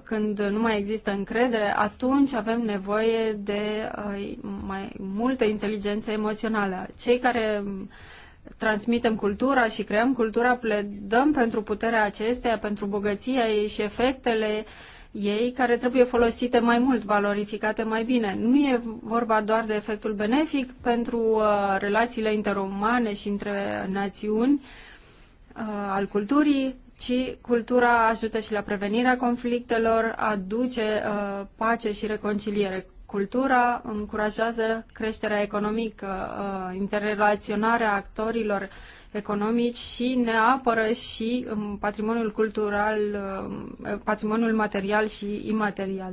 când nu mai există încredere, atunci avem nevoie de uh, mai multă inteligență emoțională. Cei care transmitem cultura și creăm cultura, pledăm pentru puterea acesteia, pentru bogăția ei și efectele ei care trebuie folosite mai mult, valorificate mai bine. Nu e vorba doar de efectul benefic pentru uh, relațiile interumane și între națiuni uh, al culturii, ci cultura ajută și la prevenirea conflictelor, aduce uh, pace și reconciliere. Cultura încurajează creșterea economică, uh, interrelaționarea actorilor economici și ne apără și um, patrimoniul cultural, um, uh, patrimoniul material și imaterial.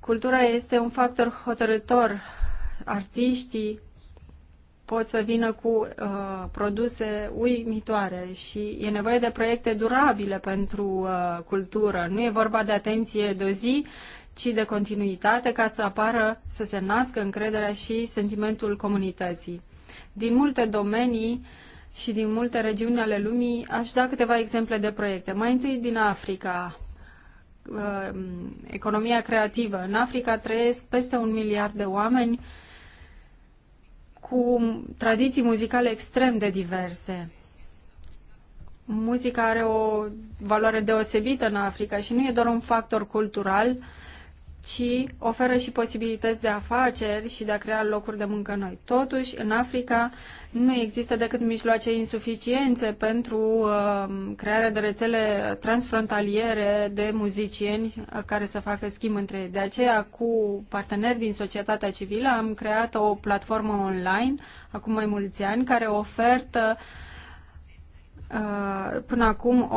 Cultura este un factor hotărător. Artiștii pot să vină cu uh, produse uimitoare și e nevoie de proiecte durabile pentru uh, cultură. Nu e vorba de atenție de o zi, ci de continuitate ca să apară, să se nască încrederea și sentimentul comunității. Din multe domenii și din multe regiuni ale lumii aș da câteva exemple de proiecte. Mai întâi din Africa, uh, economia creativă. În Africa trăiesc peste un miliard de oameni cu tradiții muzicale extrem de diverse. Muzica are o valoare deosebită în Africa și nu e doar un factor cultural, ci oferă și posibilități de afaceri și de a crea locuri de muncă noi. Totuși, în Africa nu există decât mijloace insuficiențe pentru uh, crearea de rețele transfrontaliere de muzicieni uh, care să facă schimb între ei. De aceea, cu parteneri din societatea civilă, am creat o platformă online, acum mai mulți ani, care ofertă uh, Uh, până acum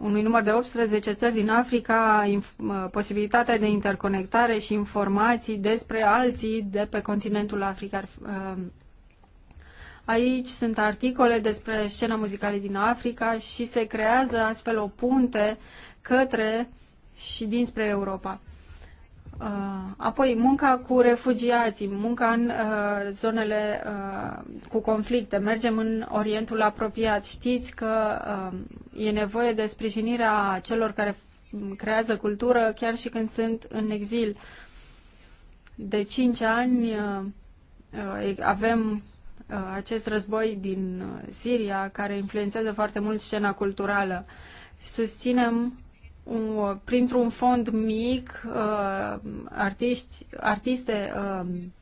unui număr de 18 țări din Africa uh, posibilitatea de interconectare și informații despre alții de pe continentul Africa. Uh, aici sunt articole despre scena muzicală din Africa și se creează astfel o punte către și dinspre Europa. Uh, apoi, munca cu refugiații, munca în uh, zonele uh, cu conflicte. Mergem în Orientul apropiat. Știți că uh, e nevoie de sprijinirea celor care creează cultură chiar și când sunt în exil. De cinci ani uh, uh, avem acest război din Siria care influențează foarte mult scena culturală. Susținem printr-un fond mic, uh, artiști, artiste um,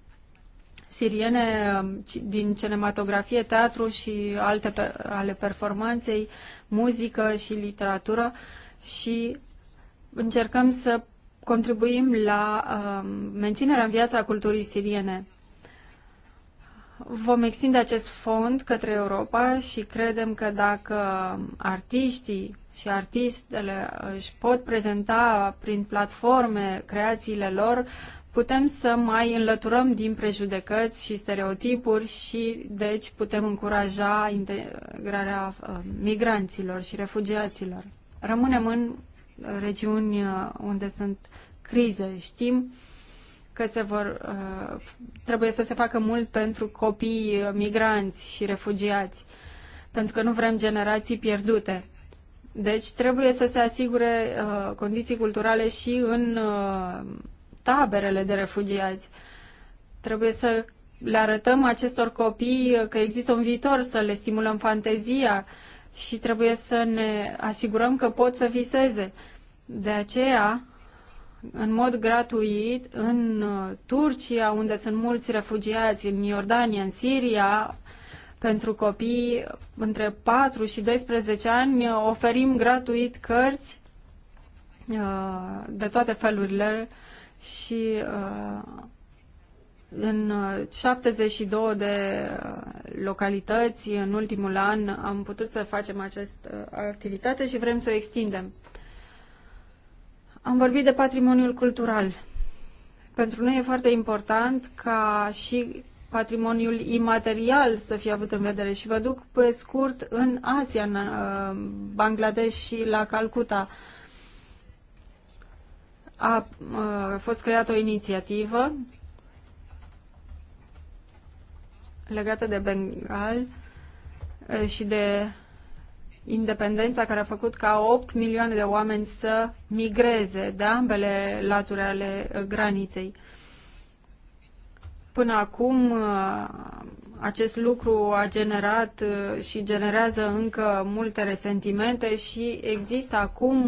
siriene um, din cinematografie, teatru și alte ale performanței, muzică și literatură și încercăm să contribuim la um, menținerea în viața culturii siriene. Vom extinde acest fond către Europa și credem că dacă artiștii și artistele își pot prezenta prin platforme creațiile lor, putem să mai înlăturăm din prejudecăți și stereotipuri și deci putem încuraja integrarea uh, migranților și refugiaților. Rămânem în regiuni uh, unde sunt crize. Știm că se vor, uh, trebuie să se facă mult pentru copii migranți și refugiați, pentru că nu vrem generații pierdute deci trebuie să se asigure uh, condiții culturale și în uh, taberele de refugiați. Trebuie să le arătăm acestor copii uh, că există un viitor, să le stimulăm fantezia și trebuie să ne asigurăm că pot să viseze. De aceea, în mod gratuit, în uh, Turcia, unde sunt mulți refugiați, în Iordania, în Siria, pentru copii între 4 și 12 ani oferim gratuit cărți uh, de toate felurile și uh, în 72 de uh, localități în ultimul an am putut să facem această activitate și vrem să o extindem. Am vorbit de patrimoniul cultural. Pentru noi e foarte important ca și patrimoniul imaterial să fie avut în vedere și vă duc pe scurt în Asia, în uh, Bangladesh și la Calcuta. A, a uh, fost creată o inițiativă legată de Bengal uh, și de independența care a făcut ca 8 milioane de oameni să migreze de ambele laturi ale graniței. Până acum, uh, acest lucru a generat uh, și generează încă multe resentimente și există acum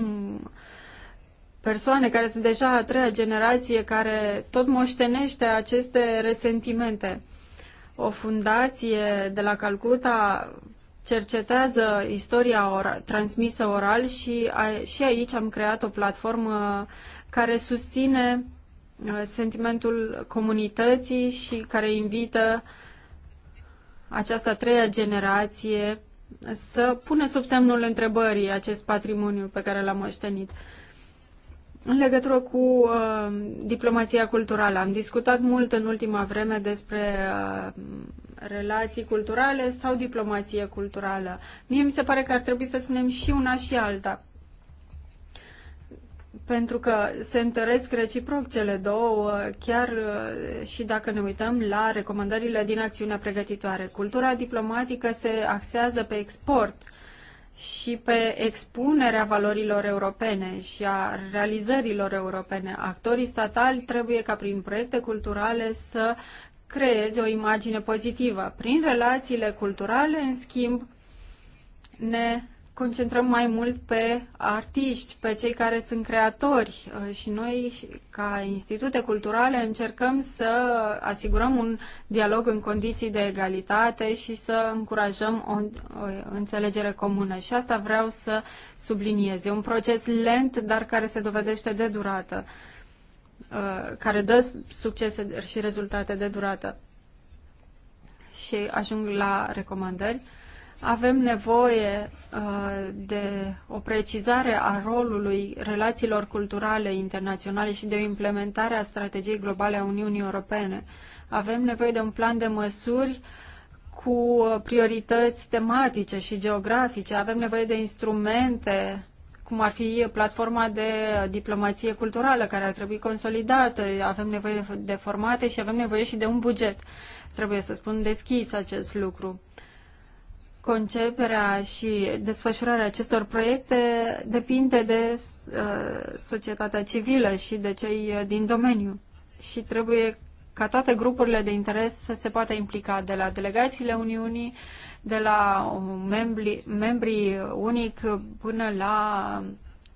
persoane care sunt deja a treia generație care tot moștenește aceste resentimente. O fundație de la Calcuta cercetează istoria ora, transmisă oral și, a, și aici am creat o platformă care susține Uh, sentimentul comunității și care invită această treia generație să pună sub semnul întrebării acest patrimoniu pe care l-am moștenit. În legătură cu uh, diplomația culturală, am discutat mult în ultima vreme despre uh, relații culturale sau diplomație culturală. Mie mi se pare că ar trebui să spunem și una și alta pentru că se întăresc reciproc cele două, chiar uh, și dacă ne uităm la recomandările din acțiunea pregătitoare. Cultura diplomatică se axează pe export și pe expunerea valorilor europene și a realizărilor europene. Actorii statali trebuie ca prin proiecte culturale să creeze o imagine pozitivă. Prin relațiile culturale, în schimb, ne concentrăm mai mult pe artiști, pe cei care sunt creatori uh, și noi, ca institute culturale, încercăm să asigurăm un dialog în condiții de egalitate și să încurajăm o, înțelegere comună. Și asta vreau să subliniez. E un proces lent, dar care se dovedește de durată, uh, care dă succese și rezultate de durată. Și ajung la recomandări. Avem nevoie uh, de o precizare a rolului relațiilor culturale internaționale și de o implementare a strategiei globale a Uniunii Europene. Avem nevoie de un plan de măsuri cu priorități tematice și geografice. Avem nevoie de instrumente cum ar fi platforma de diplomație culturală, care ar trebui consolidată, avem nevoie de formate și avem nevoie și de un buget. Trebuie să spun deschis acest lucru conceperea și desfășurarea acestor proiecte depinde de uh, societatea civilă și de cei uh, din domeniu. Și trebuie ca toate grupurile de interes să se poată implica, de la delegațiile Uniunii, de la um, membri, membrii unic până la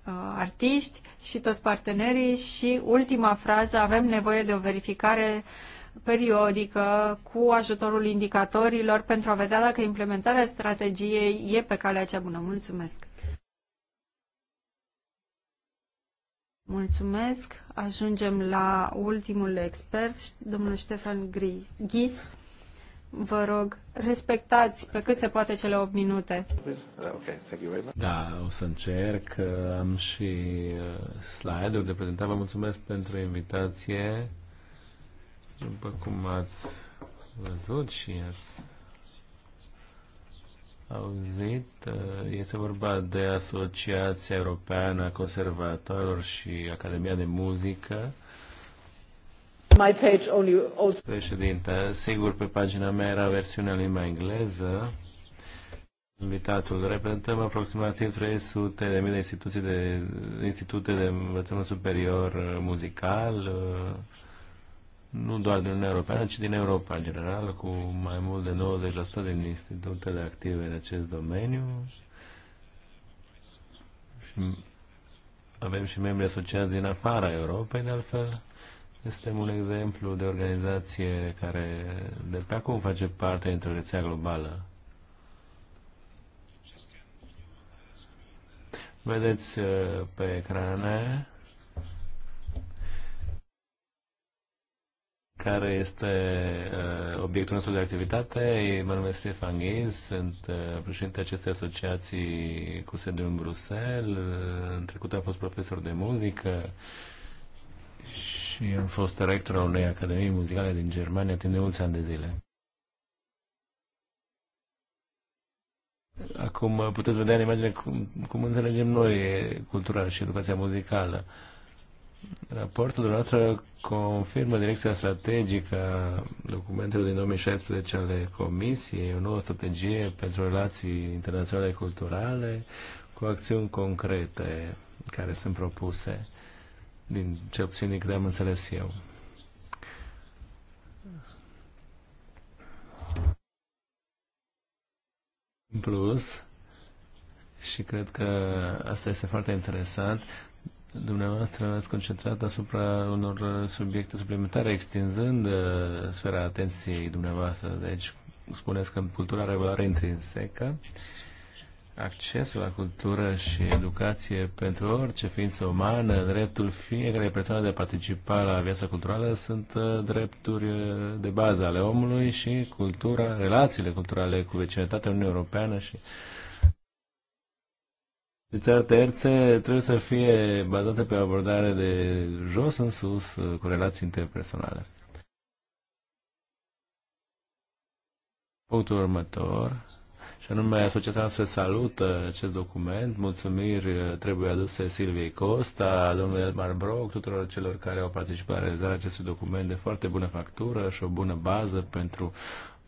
uh, artiști și toți partenerii și ultima frază, avem nevoie de o verificare uh, periodică cu ajutorul indicatorilor pentru a vedea dacă implementarea strategiei e pe calea cea bună. Mulțumesc! Mulțumesc! Ajungem la ultimul expert, domnul Ștefan Ghis. Vă rog, respectați pe cât se poate cele 8 minute. Ah, da, o să încerc. Am și uh, slide-uri de prezentare. Vă mulțumesc pentru invitație după cum ați văzut și ați auzit, uh, este vorba de Asociația Europeană a Conservatorilor și Academia de Muzică. My page only also... Președinte, sigur, pe pagina mea era versiunea limba engleză. Invitatul, reprezentăm aproximativ 300 de mii de instituții de, institute de învățământ superior uh, muzical, uh, nu doar din Uniunea Europeană, ci din Europa în general, cu mai mult de 90% din institutele active în acest domeniu. Și avem și membri asociați din afara Europei, de altfel suntem un exemplu de organizație care de pe acum face parte dintr-o rețea globală. Vedeți uh, pe ecrane care este uh, obiectul nostru de activitate. Mă numesc Stefan Ghiz, sunt uh, președinte acestei asociații cu sediu în Bruxelles. În trecut am fost profesor de muzică și am fost rector al unei academii muzicale din Germania timp de mulți ani de zile. Acum puteți vedea în imagine cum, cum înțelegem noi cultura și educația muzicală. Uh, Raportul dumneavoastră confirmă direcția strategică a documentelor din 2016 ale Comisiei, o nouă strategie pentru relații internaționale culturale cu acțiuni concrete care sunt propuse, din ce puțin din câte am înțeles eu. În plus, și cred că asta este foarte interesant, Dumneavoastră ați concentrat asupra unor subiecte suplimentare, extinzând uh, sfera atenției dumneavoastră. Deci, spuneți că cultura are valoare intrinsecă, accesul la cultură și educație pentru orice ființă umană, dreptul fiecare persoană de a participa la viața culturală sunt uh, drepturi uh, de bază ale omului și cultura, relațiile culturale cu vecinătatea Uniunii Europeană și de deci țări terțe trebuie să fie bazate pe o abordare de jos în sus uh, cu relații interpersonale. Punctul următor, și anume Asociația noastră salută acest document. Mulțumiri uh, trebuie aduse Silviei Costa, domnului Elmar Brock, tuturor celor care au participat la realizarea acestui document de foarte bună factură și o bună bază pentru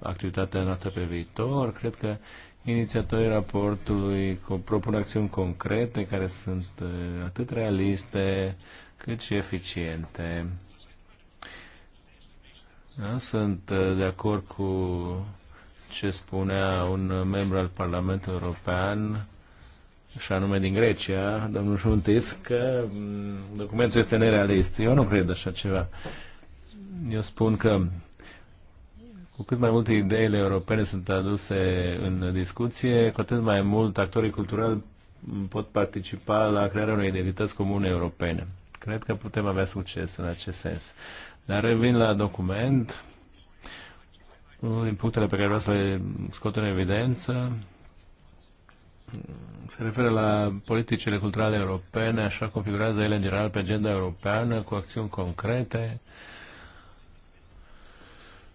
activitatea noastră pe viitor. Cred că inițiatorii raportului propun acțiuni concrete care sunt uh, atât realiste cât și eficiente. Da? Sunt uh, de acord cu ce spunea un membru al Parlamentului European, și anume din Grecia, domnul Juntis, că mm, documentul este nerealist. Eu nu cred așa ceva. Eu spun că cu cât mai multe ideile europene sunt aduse în discuție, cu atât mai mult actorii culturali pot participa la crearea unei identități comune europene. Cred că putem avea succes în acest sens. Dar revin la document. Unul din punctele pe care vreau să le scot în evidență se referă la politicile culturale europene, așa configurează ele în general pe agenda europeană, cu acțiuni concrete, uh,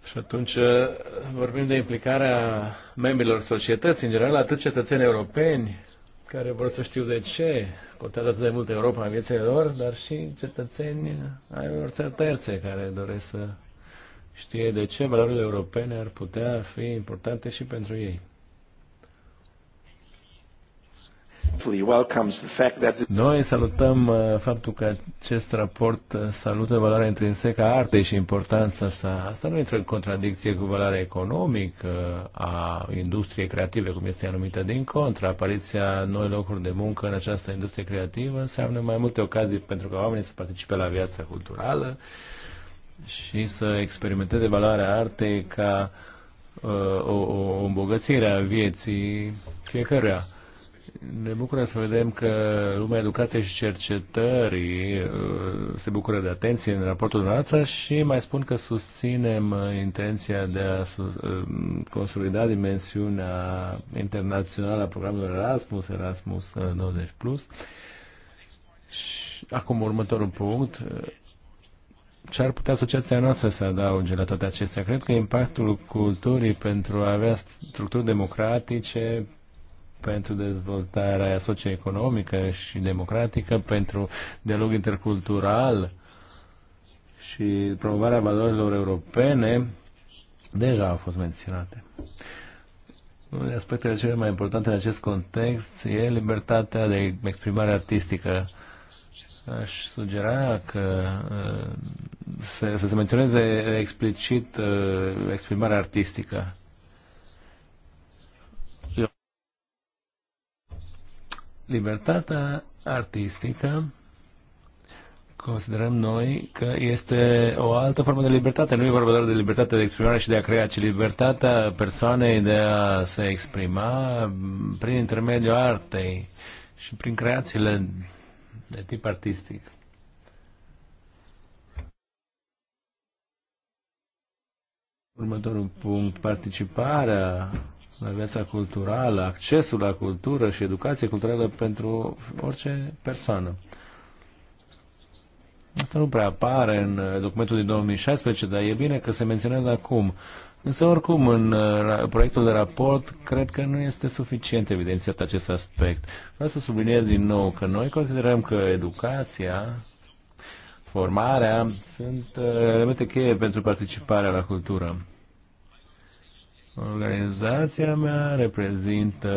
și atunci eh, vorbim de implicarea membrilor societății, în general atât cetățeni europeni, care vor să știu de ce contează atât de mult Europa în viețile lor, dar și cetățeni ai unor țări terțe care doresc să știe de ce valorile europene ar putea fi importante și pentru ei. Noi salutăm uh, faptul că acest raport uh, salută valoarea intrinsecă a artei și importanța sa. Asta nu intră în contradicție cu valoarea economică a industriei creative, cum este anumită din contra. Apariția noi locuri de muncă în această industrie creativă înseamnă mai multe ocazii pentru ca oamenii să participe la viața culturală și să experimenteze valoarea artei ca uh, o, o îmbogățire a vieții fiecăruia ne bucură să vedem că lumea educației și cercetării uh, se bucură de atenție în raportul dumneavoastră și mai spun că susținem uh, intenția de a uh, consolida dimensiunea internațională a programului Erasmus, Erasmus 90+. Plus. Și acum următorul punct, ce ar putea asociația noastră să adauge la toate acestea? Cred că impactul culturii pentru a avea structuri democratice, pentru dezvoltarea socioeconomică și democratică, pentru dialog intercultural și promovarea valorilor europene, deja au fost menționate. Unul dintre aspectele cele mai importante în acest context e libertatea de exprimare artistică. Aș sugera că uh, să se menționeze explicit uh, exprimarea artistică libertatea artistică considerăm noi că este o altă formă de libertate. Nu e vorba doar de libertate de exprimare și de a crea, ci libertatea persoanei de a se exprima prin intermediul artei și prin creațiile de tip artistic. Următorul punct, participarea la viața culturală, accesul la cultură și educație culturală pentru orice persoană. Asta nu prea apare în uh, documentul din 2016, dar e bine că se menționează acum. Însă, oricum, în uh, proiectul de raport, cred că nu este suficient evidențiat acest aspect. Vreau să subliniez din nou că noi considerăm că educația, formarea, sunt uh, elemente cheie pentru participarea la cultură. Organizația mea reprezintă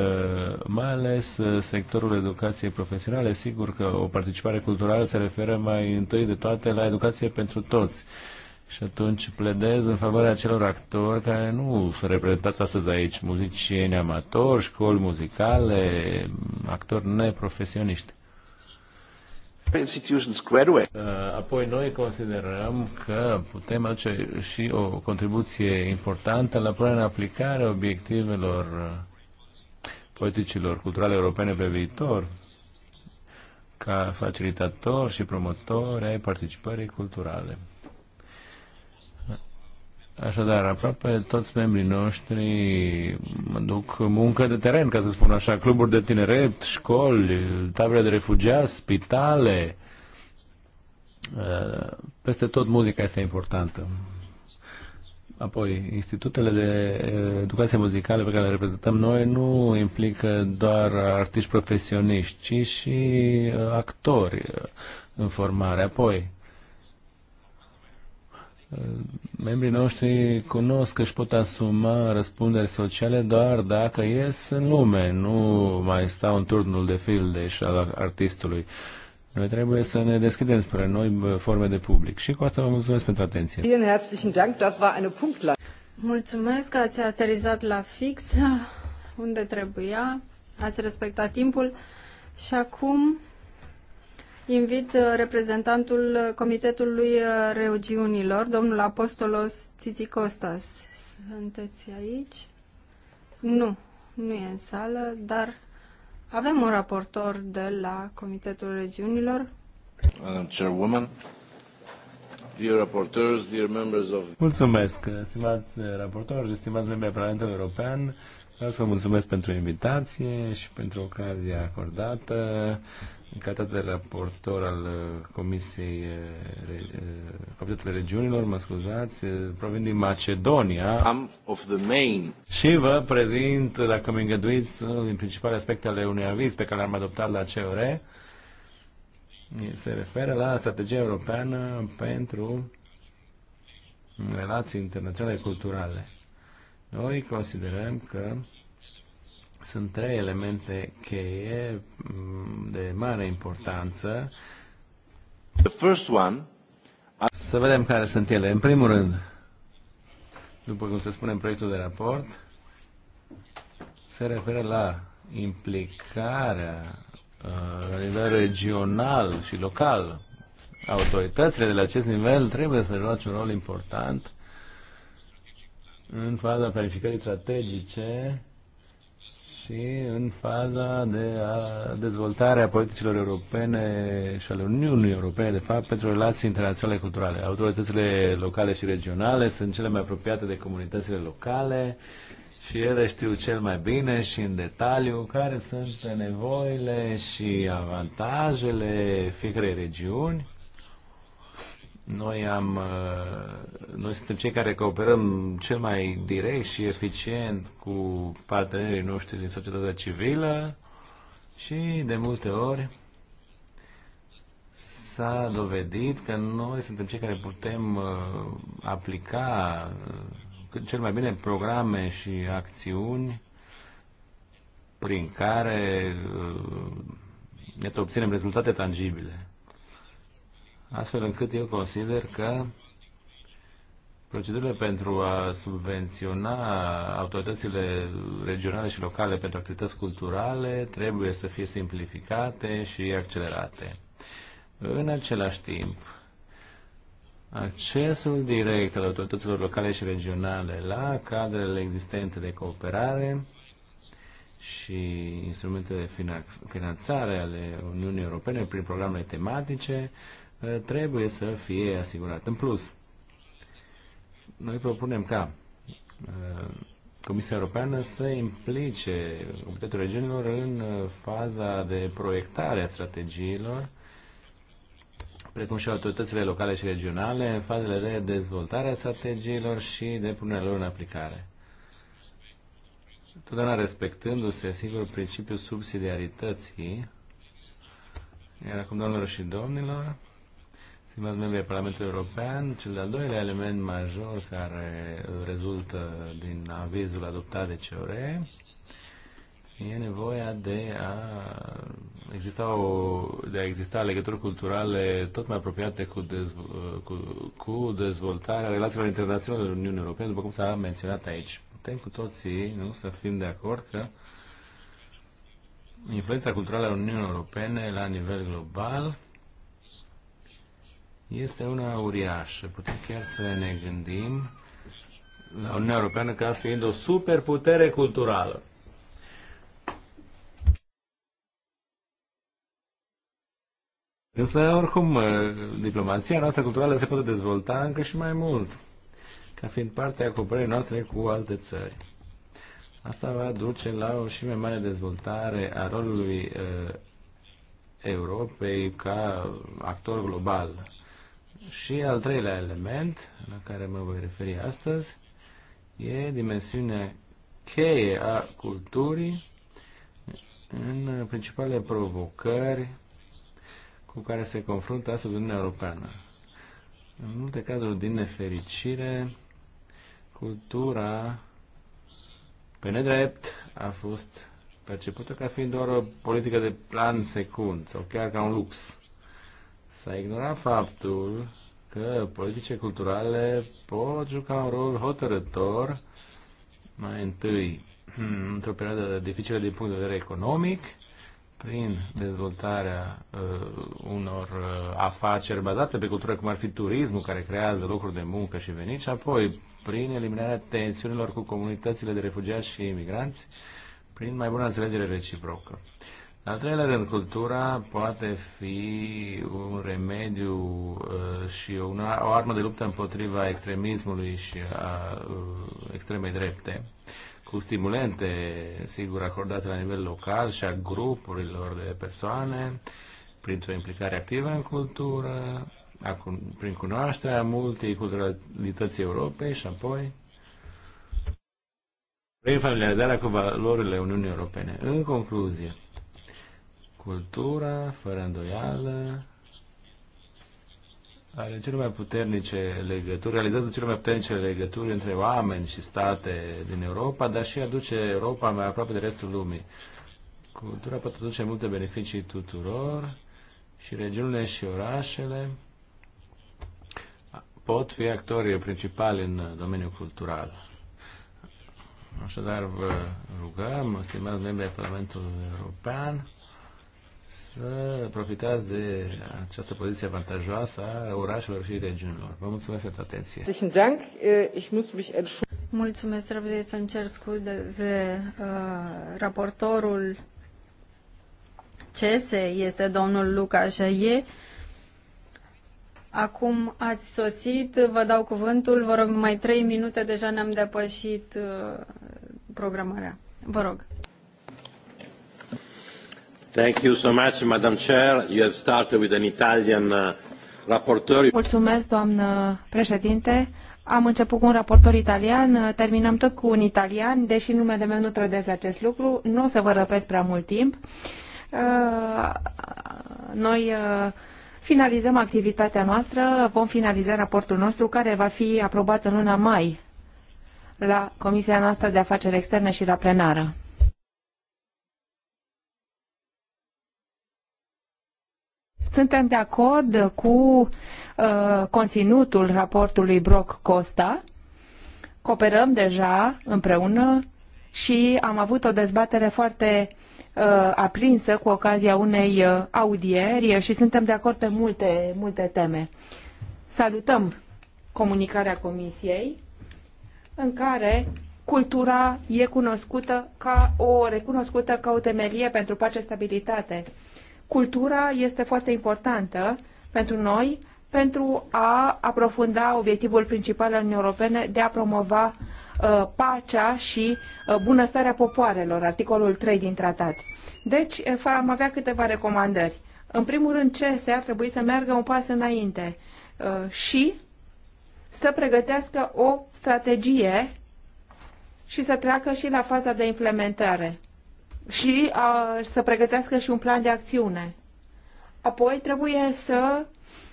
mai ales uh, sectorul educației profesionale. Sigur că o participare culturală se referă mai întâi de toate la educație pentru toți. Și atunci pledez în favoarea acelor actori care nu sunt reprezentați astăzi aici, muzicieni amatori, școli muzicale, actori neprofesioniști. Uh, apoi noi considerăm că putem face și o contribuție importantă la punerea în aplicare obiectivelor uh, politicilor culturale europene pe viitor ca facilitator și promotor ai participării culturale. Așadar, aproape toți membrii noștri mă duc muncă de teren, ca să spun așa, cluburi de tineret, școli, tabere de refugiați, spitale. Eh, peste tot muzica este importantă. Apoi, institutele de eh, educație muzicală pe care le reprezentăm noi nu implică doar artiști profesioniști, ci și eh, actori în formare. Apoi, membrii noștri cunosc că își pot asuma răspunderi sociale doar dacă ies în lume, nu mai stau în turnul de și al artistului. Noi trebuie să ne deschidem spre noi forme de public. Și cu asta vă mulțumesc pentru atenție. Mulțumesc că ați aterizat la fix unde trebuia, ați respectat timpul și acum invit uh, reprezentantul Comitetului uh, Regiunilor, domnul Apostolos Tsitsikostas. Sunteți aici? Nu, nu e în sală, dar avem un raportor de la Comitetul Regiunilor. Chairwoman, dear reporters, dear members of... Mulțumesc, stimați uh, raportori, stimați membri ai Parlamentului European, Vreau să vă mulțumesc pentru invitație și pentru ocazia acordată. În calitate de raportor al uh, Comisiei uh, uh, Comitetului Regiunilor, mă scuzați, provin din Macedonia of the main. și vă prezint, dacă mi îngăduiți, unul din principalele aspecte ale unui aviz pe care l-am adoptat la CEUR. Se referă la strategia europeană pentru relații internaționale culturale. Noi considerăm că sunt trei elemente cheie mm, de mare importanță. The first one, să vedem care sunt ele. În primul rând, după cum se spune în proiectul de raport, se referă la implicarea uh, la nivel regional și local. Autoritățile de la acest nivel trebuie să joace un rol important în faza planificării strategice și în faza de a dezvoltare a politicilor europene și ale Uniunii Europene, de fapt, pentru relații internaționale culturale. Autoritățile locale și regionale sunt cele mai apropiate de comunitățile locale și ele știu cel mai bine și în detaliu care sunt nevoile și avantajele fiecarei regiuni noi, am, uh, noi suntem cei care cooperăm cel mai direct și eficient cu partenerii noștri din societatea civilă și de multe ori s-a dovedit că noi suntem cei care putem uh, aplica uh, cel mai bine programe și acțiuni prin care ne obținem rezultate tangibile astfel încât eu consider că procedurile pentru a subvenționa autoritățile regionale și locale pentru activități culturale trebuie să fie simplificate și accelerate. În același timp, accesul direct al autorităților locale și regionale la cadrele existente de cooperare și instrumentele de finanțare ale Uniunii Europene prin programele tematice Eh, trebuie să fie asigurat. În plus, noi propunem ca eh, Comisia Europeană să implice Comitetul Regiunilor în eh, faza de proiectare a strategiilor, precum și autoritățile locale și regionale, în fazele de dezvoltare a strategiilor și de punerea lor în aplicare. Totdeauna respectându-se, sigur, principiul subsidiarității. Iar acum, doamnelor și domnilor, Stimați membri ai Parlamentului European, cel de-al doilea element major care rezultă din avizul adoptat de CR e nevoia de a exista, o, de a exista legături culturale tot mai apropiate cu, dezv, cu, cu dezvoltarea relațiilor internaționale în Uniunea Europeană, după cum s-a menționat aici. Putem cu toții nu, să fim de acord că influența culturală a Uniunii Europene la nivel global este una uriașă. Putem chiar să ne gândim la Uniunea Europeană ca fiind o superputere culturală. Însă, oricum, uh, diplomația noastră culturală se poate dezvolta încă și mai mult, ca fiind parte a cooperării noastre cu alte țări. Asta va duce la o și mai mare dezvoltare a rolului uh, Europei ca actor global și al treilea element la care mă voi referi astăzi e dimensiunea cheie a culturii în principalele provocări cu care se confruntă astăzi Uniunea Europeană. În multe cazuri, din nefericire, cultura, pe nedrept, a fost percepută ca fiind doar o politică de plan secund sau chiar ca un lux. S-a ignorat faptul că politice culturale pot juca un rol hotărător mai întâi [CLEARS THROAT] într-o perioadă dificilă din punct de vedere economic, prin dezvoltarea uh, unor uh, afaceri bazate pe cultură, cum ar fi turismul, care creează locuri de muncă și venit, și apoi prin eliminarea tensiunilor cu comunitățile de refugiați și imigranți, prin mai bună înțelegere reciprocă. Uh, al treilea rând, cultura poate fi un remediu uh, și una, o armă de luptă împotriva extremismului și a uh, extremei drepte, cu stimulente, sigur, acordate la nivel local și a grupurilor de persoane, printr-o implicare activă în cultură, prin cunoașterea multiculturalității Europei și apoi prin familiarizarea cu valorile Uniunii Europene. În concluzie, Cultura, fără îndoială, are cele mai puternice legături, realizează cele mai puternice legături între oameni și state din Europa, dar și aduce Europa mai aproape de restul lumii. Cultura poate aduce multe beneficii tuturor și regiunile și orașele pot fi actorii principali în domeniul cultural. Așadar, vă rugăm, stimați membri ai Parlamentului European, să profitați de această poziție avantajoasă a orașelor și regiunilor. Vă mulțumesc pentru atenție. Äh, mulțumesc, trebuie să-mi cer scuze. Uh, raportorul CESE este domnul Luca Jaie. Acum ați sosit, vă dau cuvântul, vă rog, mai trei minute, deja ne-am depășit uh, programarea. Vă rog. Thank you so much, Madam Chair. You have started with an Italian uh, rapporteur. Mulțumesc, doamnă președinte. Am început cu un raportor italian, terminăm tot cu un italian, deși numele meu nu trădează acest lucru, nu o să vă răpesc prea mult timp. Uh, noi uh, finalizăm activitatea noastră, vom finaliza raportul nostru care va fi aprobat în luna mai la Comisia noastră de Afaceri Externe și la plenară. Suntem de acord cu uh, conținutul raportului Brock Costa. Cooperăm deja împreună și am avut o dezbatere foarte uh, aprinsă cu ocazia unei uh, audieri și suntem de acord pe multe, multe teme. Salutăm comunicarea Comisiei în care cultura e cunoscută ca o recunoscută ca o temelie pentru pace, stabilitate Cultura este foarte importantă pentru noi pentru a aprofunda obiectivul principal al Uniunii Europene de a promova uh, pacea și uh, bunăstarea popoarelor, articolul 3 din tratat. Deci, eh, am avea câteva recomandări. În primul rând, CSE ar trebui să meargă un pas înainte uh, și să pregătească o strategie și să treacă și la faza de implementare și a, să pregătească și un plan de acțiune. Apoi trebuie să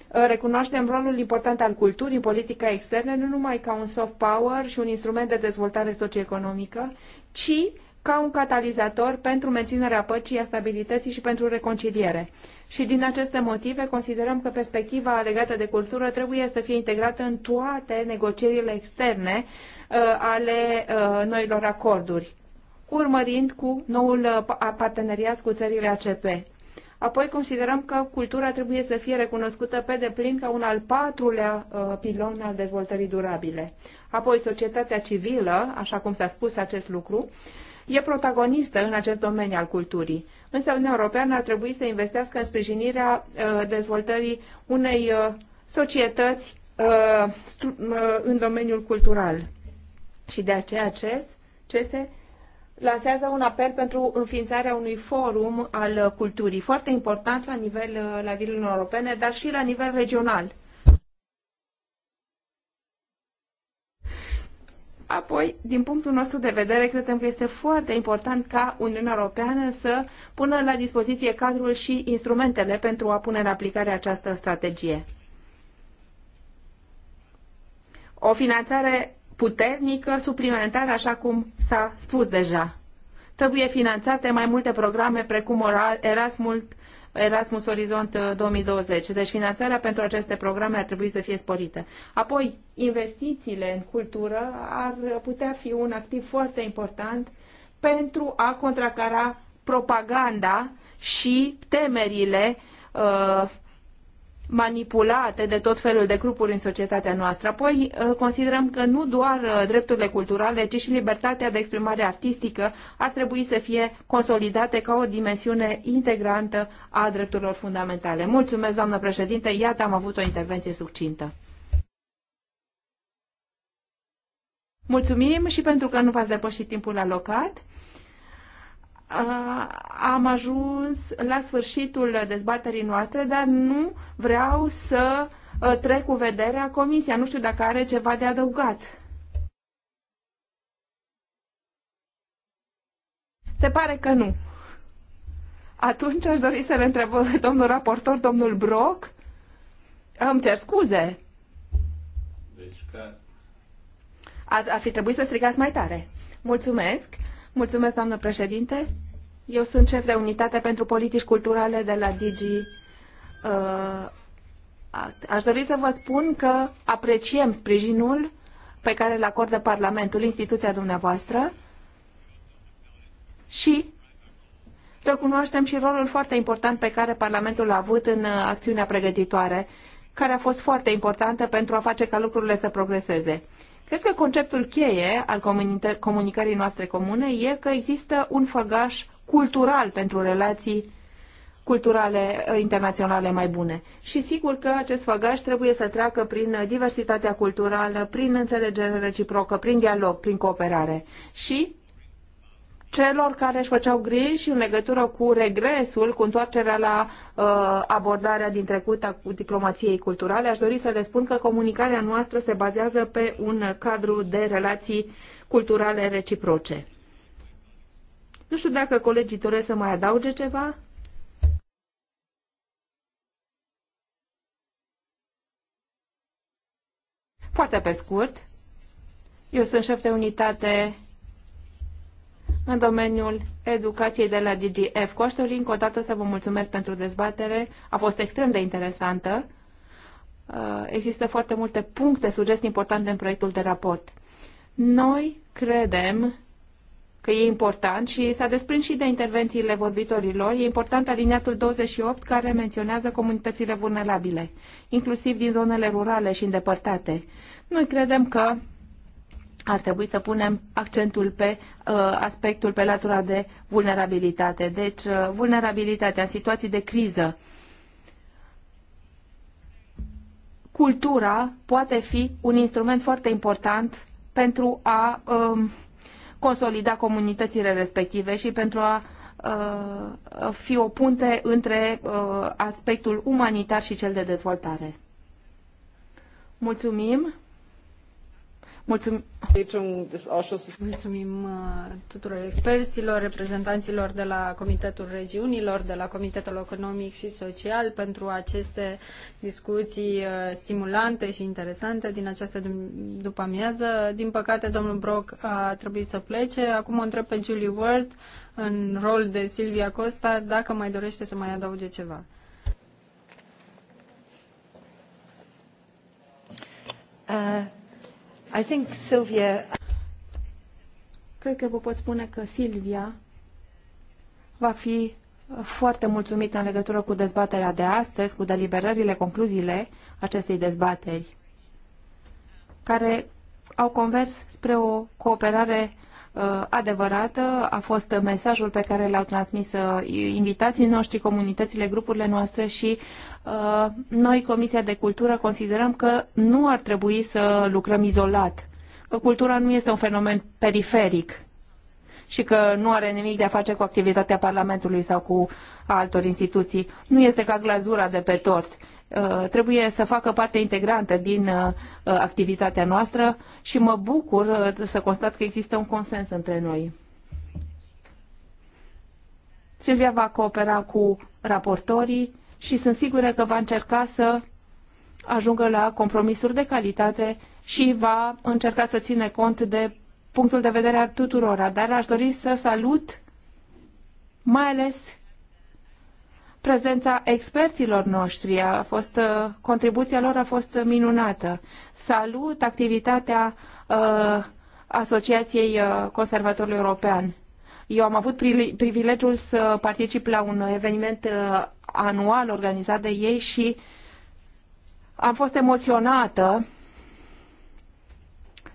recunoaștem rolul important al culturii în politica externă, nu numai ca un soft power și un instrument de dezvoltare socioeconomică, ci ca un catalizator pentru menținerea păcii, a stabilității și pentru reconciliere. Și din aceste motive considerăm că perspectiva legată de cultură trebuie să fie integrată în toate negocierile externe uh, ale uh, noilor acorduri urmărind cu noul uh, parteneriat cu țările ACP. Apoi considerăm că cultura trebuie să fie recunoscută pe deplin ca un al patrulea uh, pilon al dezvoltării durabile. Apoi societatea civilă, așa cum s-a spus acest lucru, e protagonistă în acest domeniu al culturii. Însă Uniunea Europeană ar trebui să investească în sprijinirea uh, dezvoltării unei societăți în domeniul cultural. Și de aceea ce se lansează un apel pentru înființarea unui forum al culturii, foarte important la nivel la nivelul europene, dar și la nivel regional. Apoi, din punctul nostru de vedere, credem că este foarte important ca Uniunea Europeană să pună la dispoziție cadrul și instrumentele pentru a pune în aplicare această strategie. O finanțare puternică, suplimentară, așa cum s-a spus deja. Trebuie finanțate mai multe programe precum Erasmus, Erasmus Horizont 2020. Deci finanțarea pentru aceste programe ar trebui să fie sporită. Apoi, investițiile în cultură ar putea fi un activ foarte important pentru a contracara propaganda și temerile uh, manipulate de tot felul de grupuri în societatea noastră. Apoi uh, considerăm că nu doar uh, drepturile culturale, ci și libertatea de exprimare artistică ar trebui să fie consolidate ca o dimensiune integrantă a drepturilor fundamentale. Mulțumesc, doamnă președinte, iată am avut o intervenție succintă. Mulțumim și pentru că nu v-ați depășit timpul alocat am ajuns la sfârșitul dezbaterii noastre, dar nu vreau să trec cu vederea comisia. Nu știu dacă are ceva de adăugat. Se pare că nu. Atunci aș dori să le întreb domnul raportor, domnul Broc. Îmi cer scuze. Deci că... Ar, ar fi trebuit să strigați mai tare. Mulțumesc. Mulțumesc, doamnă președinte. Eu sunt șef de unitate pentru politici culturale de la Digi. Uh, aș dori să vă spun că apreciem sprijinul pe care îl acordă Parlamentul, instituția dumneavoastră, și recunoaștem și rolul foarte important pe care Parlamentul l-a avut în uh, acțiunea pregătitoare, care a fost foarte importantă pentru a face ca lucrurile să progreseze. Cred că conceptul cheie al comunicării noastre comune e că există un făgaș cultural pentru relații culturale ă, internaționale mai bune. Și sigur că acest făgaș trebuie să treacă prin diversitatea culturală, prin înțelegere reciprocă, prin dialog, prin cooperare. Și celor care își făceau griji în legătură cu regresul, cu întoarcerea la uh, abordarea din trecut a cu diplomației culturale, aș dori să le spun că comunicarea noastră se bazează pe un cadru de relații culturale reciproce. Nu știu dacă colegii doresc să mai adauge ceva. Foarte pe scurt, eu sunt șef de unitate în domeniul educației de la DGF. Coșturi, încă o dată să vă mulțumesc pentru dezbatere. A fost extrem de interesantă. Uh, există foarte multe puncte, sugestii importante în proiectul de raport. Noi credem că e important și s-a desprins și de intervențiile vorbitorilor, e important aliniatul 28 care menționează comunitățile vulnerabile, inclusiv din zonele rurale și îndepărtate. Noi credem că ar trebui să punem accentul pe uh, aspectul, pe latura de vulnerabilitate. Deci, uh, vulnerabilitatea în situații de criză. Cultura poate fi un instrument foarte important pentru a uh, consolida comunitățile respective și pentru a uh, fi o punte între uh, aspectul umanitar și cel de dezvoltare. Mulțumim! Mulțumim. Uh, tuturor experților, reprezentanților de la Comitetul Regiunilor, de la Comitetul Economic și Social pentru aceste discuții uh, stimulante și interesante din această după amiază. Din păcate, domnul Brock a trebuit să plece. Acum o întreb pe Julie Ward în rol de Silvia Costa dacă mai dorește să mai adauge ceva. Uh. I think Sylvia... Cred că vă pot spune că Silvia va fi uh, foarte mulțumită în legătură cu dezbaterea de astăzi, cu deliberările, concluziile acestei dezbateri, care au convers spre o cooperare Uh, adevărată a fost mesajul pe care l-au transmis uh, invitații noștri, comunitățile, grupurile noastre și uh, noi, Comisia de Cultură, considerăm că nu ar trebui să lucrăm izolat, că cultura nu este un fenomen periferic și că nu are nimic de a face cu activitatea Parlamentului sau cu altor instituții. Nu este ca glazura de pe tort. Uh, trebuie să facă parte integrantă din uh, uh, activitatea noastră și mă bucur să constat că există un consens între noi. Silvia va coopera cu raportorii și sunt sigură că va încerca să ajungă la compromisuri de calitate și va încerca să ține cont de punctul de vedere al tuturora, dar aș dori să salut mai ales prezența experților noștri. A fost, uh, contribuția lor a fost minunată. Salut activitatea uh, Asociației uh, Conservatorului European. Eu am avut privilegiul să particip la un eveniment uh, anual organizat de ei și am fost emoționată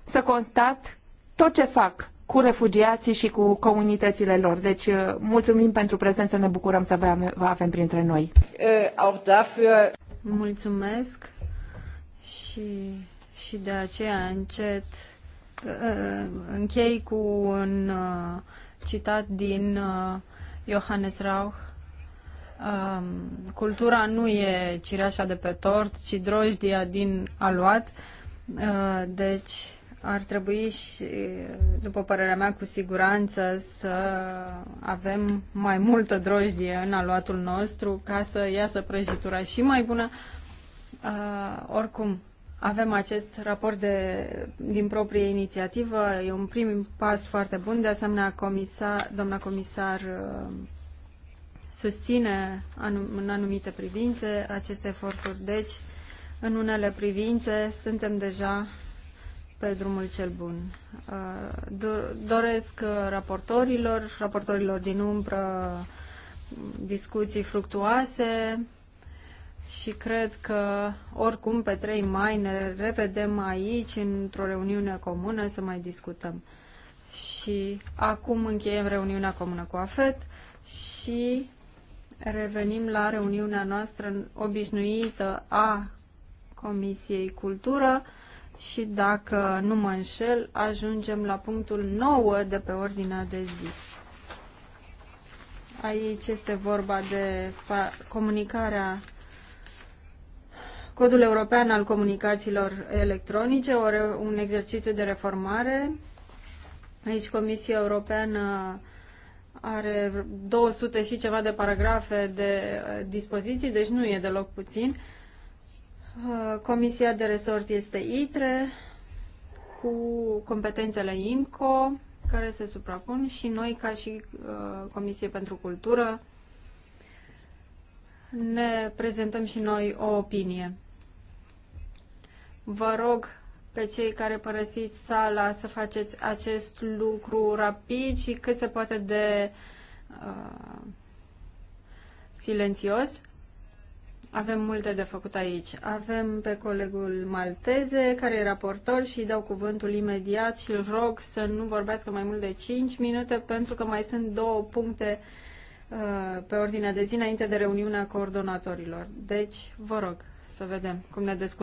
să constat tot ce fac cu refugiații și cu comunitățile lor. Deci, uh, mulțumim pentru prezență, ne bucurăm să vă avem printre noi. Uh, Mulțumesc și, și de aceea încet uh, închei cu un citat din Johannes Rauch. Um, cultura nu e cireașa de pe tort, ci drojdia din aluat. Deci, ar trebui și, după părerea mea, cu siguranță să avem mai multă drojdie în aluatul nostru ca să iasă prăjitura și mai bună. Uh, oricum, avem acest raport de, din proprie inițiativă, e un prim pas foarte bun, de asemenea, comisar, doamna comisar uh, susține anum, în anumite privințe aceste eforturi, deci în unele privințe suntem deja pe drumul cel bun. Uh, doresc uh, raportorilor, raportorilor din umbră, discuții fructuoase și cred că oricum pe 3 mai ne revedem aici într-o reuniune comună să mai discutăm. Și acum încheiem reuniunea comună cu AFET și revenim la reuniunea noastră obișnuită a Comisiei Cultură și dacă nu mă înșel, ajungem la punctul 9 de pe ordinea de zi. Aici este vorba de comunicarea Codul European al Comunicațiilor Electronice, un exercițiu de reformare. Aici Comisia Europeană are 200 și ceva de paragrafe de uh, dispoziții, deci nu e deloc puțin. Uh, Comisia de resort este ITRE cu competențele IMCO care se suprapun și noi ca și uh, Comisie pentru Cultură ne prezentăm și noi o opinie. Vă rog pe cei care părăsiți sala să faceți acest lucru rapid și cât se poate de uh, silențios avem multe de făcut aici. Avem pe colegul Malteze, care e raportor și îi dau cuvântul imediat și îl rog să nu vorbească mai mult de 5 minute, pentru că mai sunt două puncte uh, pe ordinea de zi înainte de reuniunea coordonatorilor. Deci, vă rog să vedem cum ne descurcăm.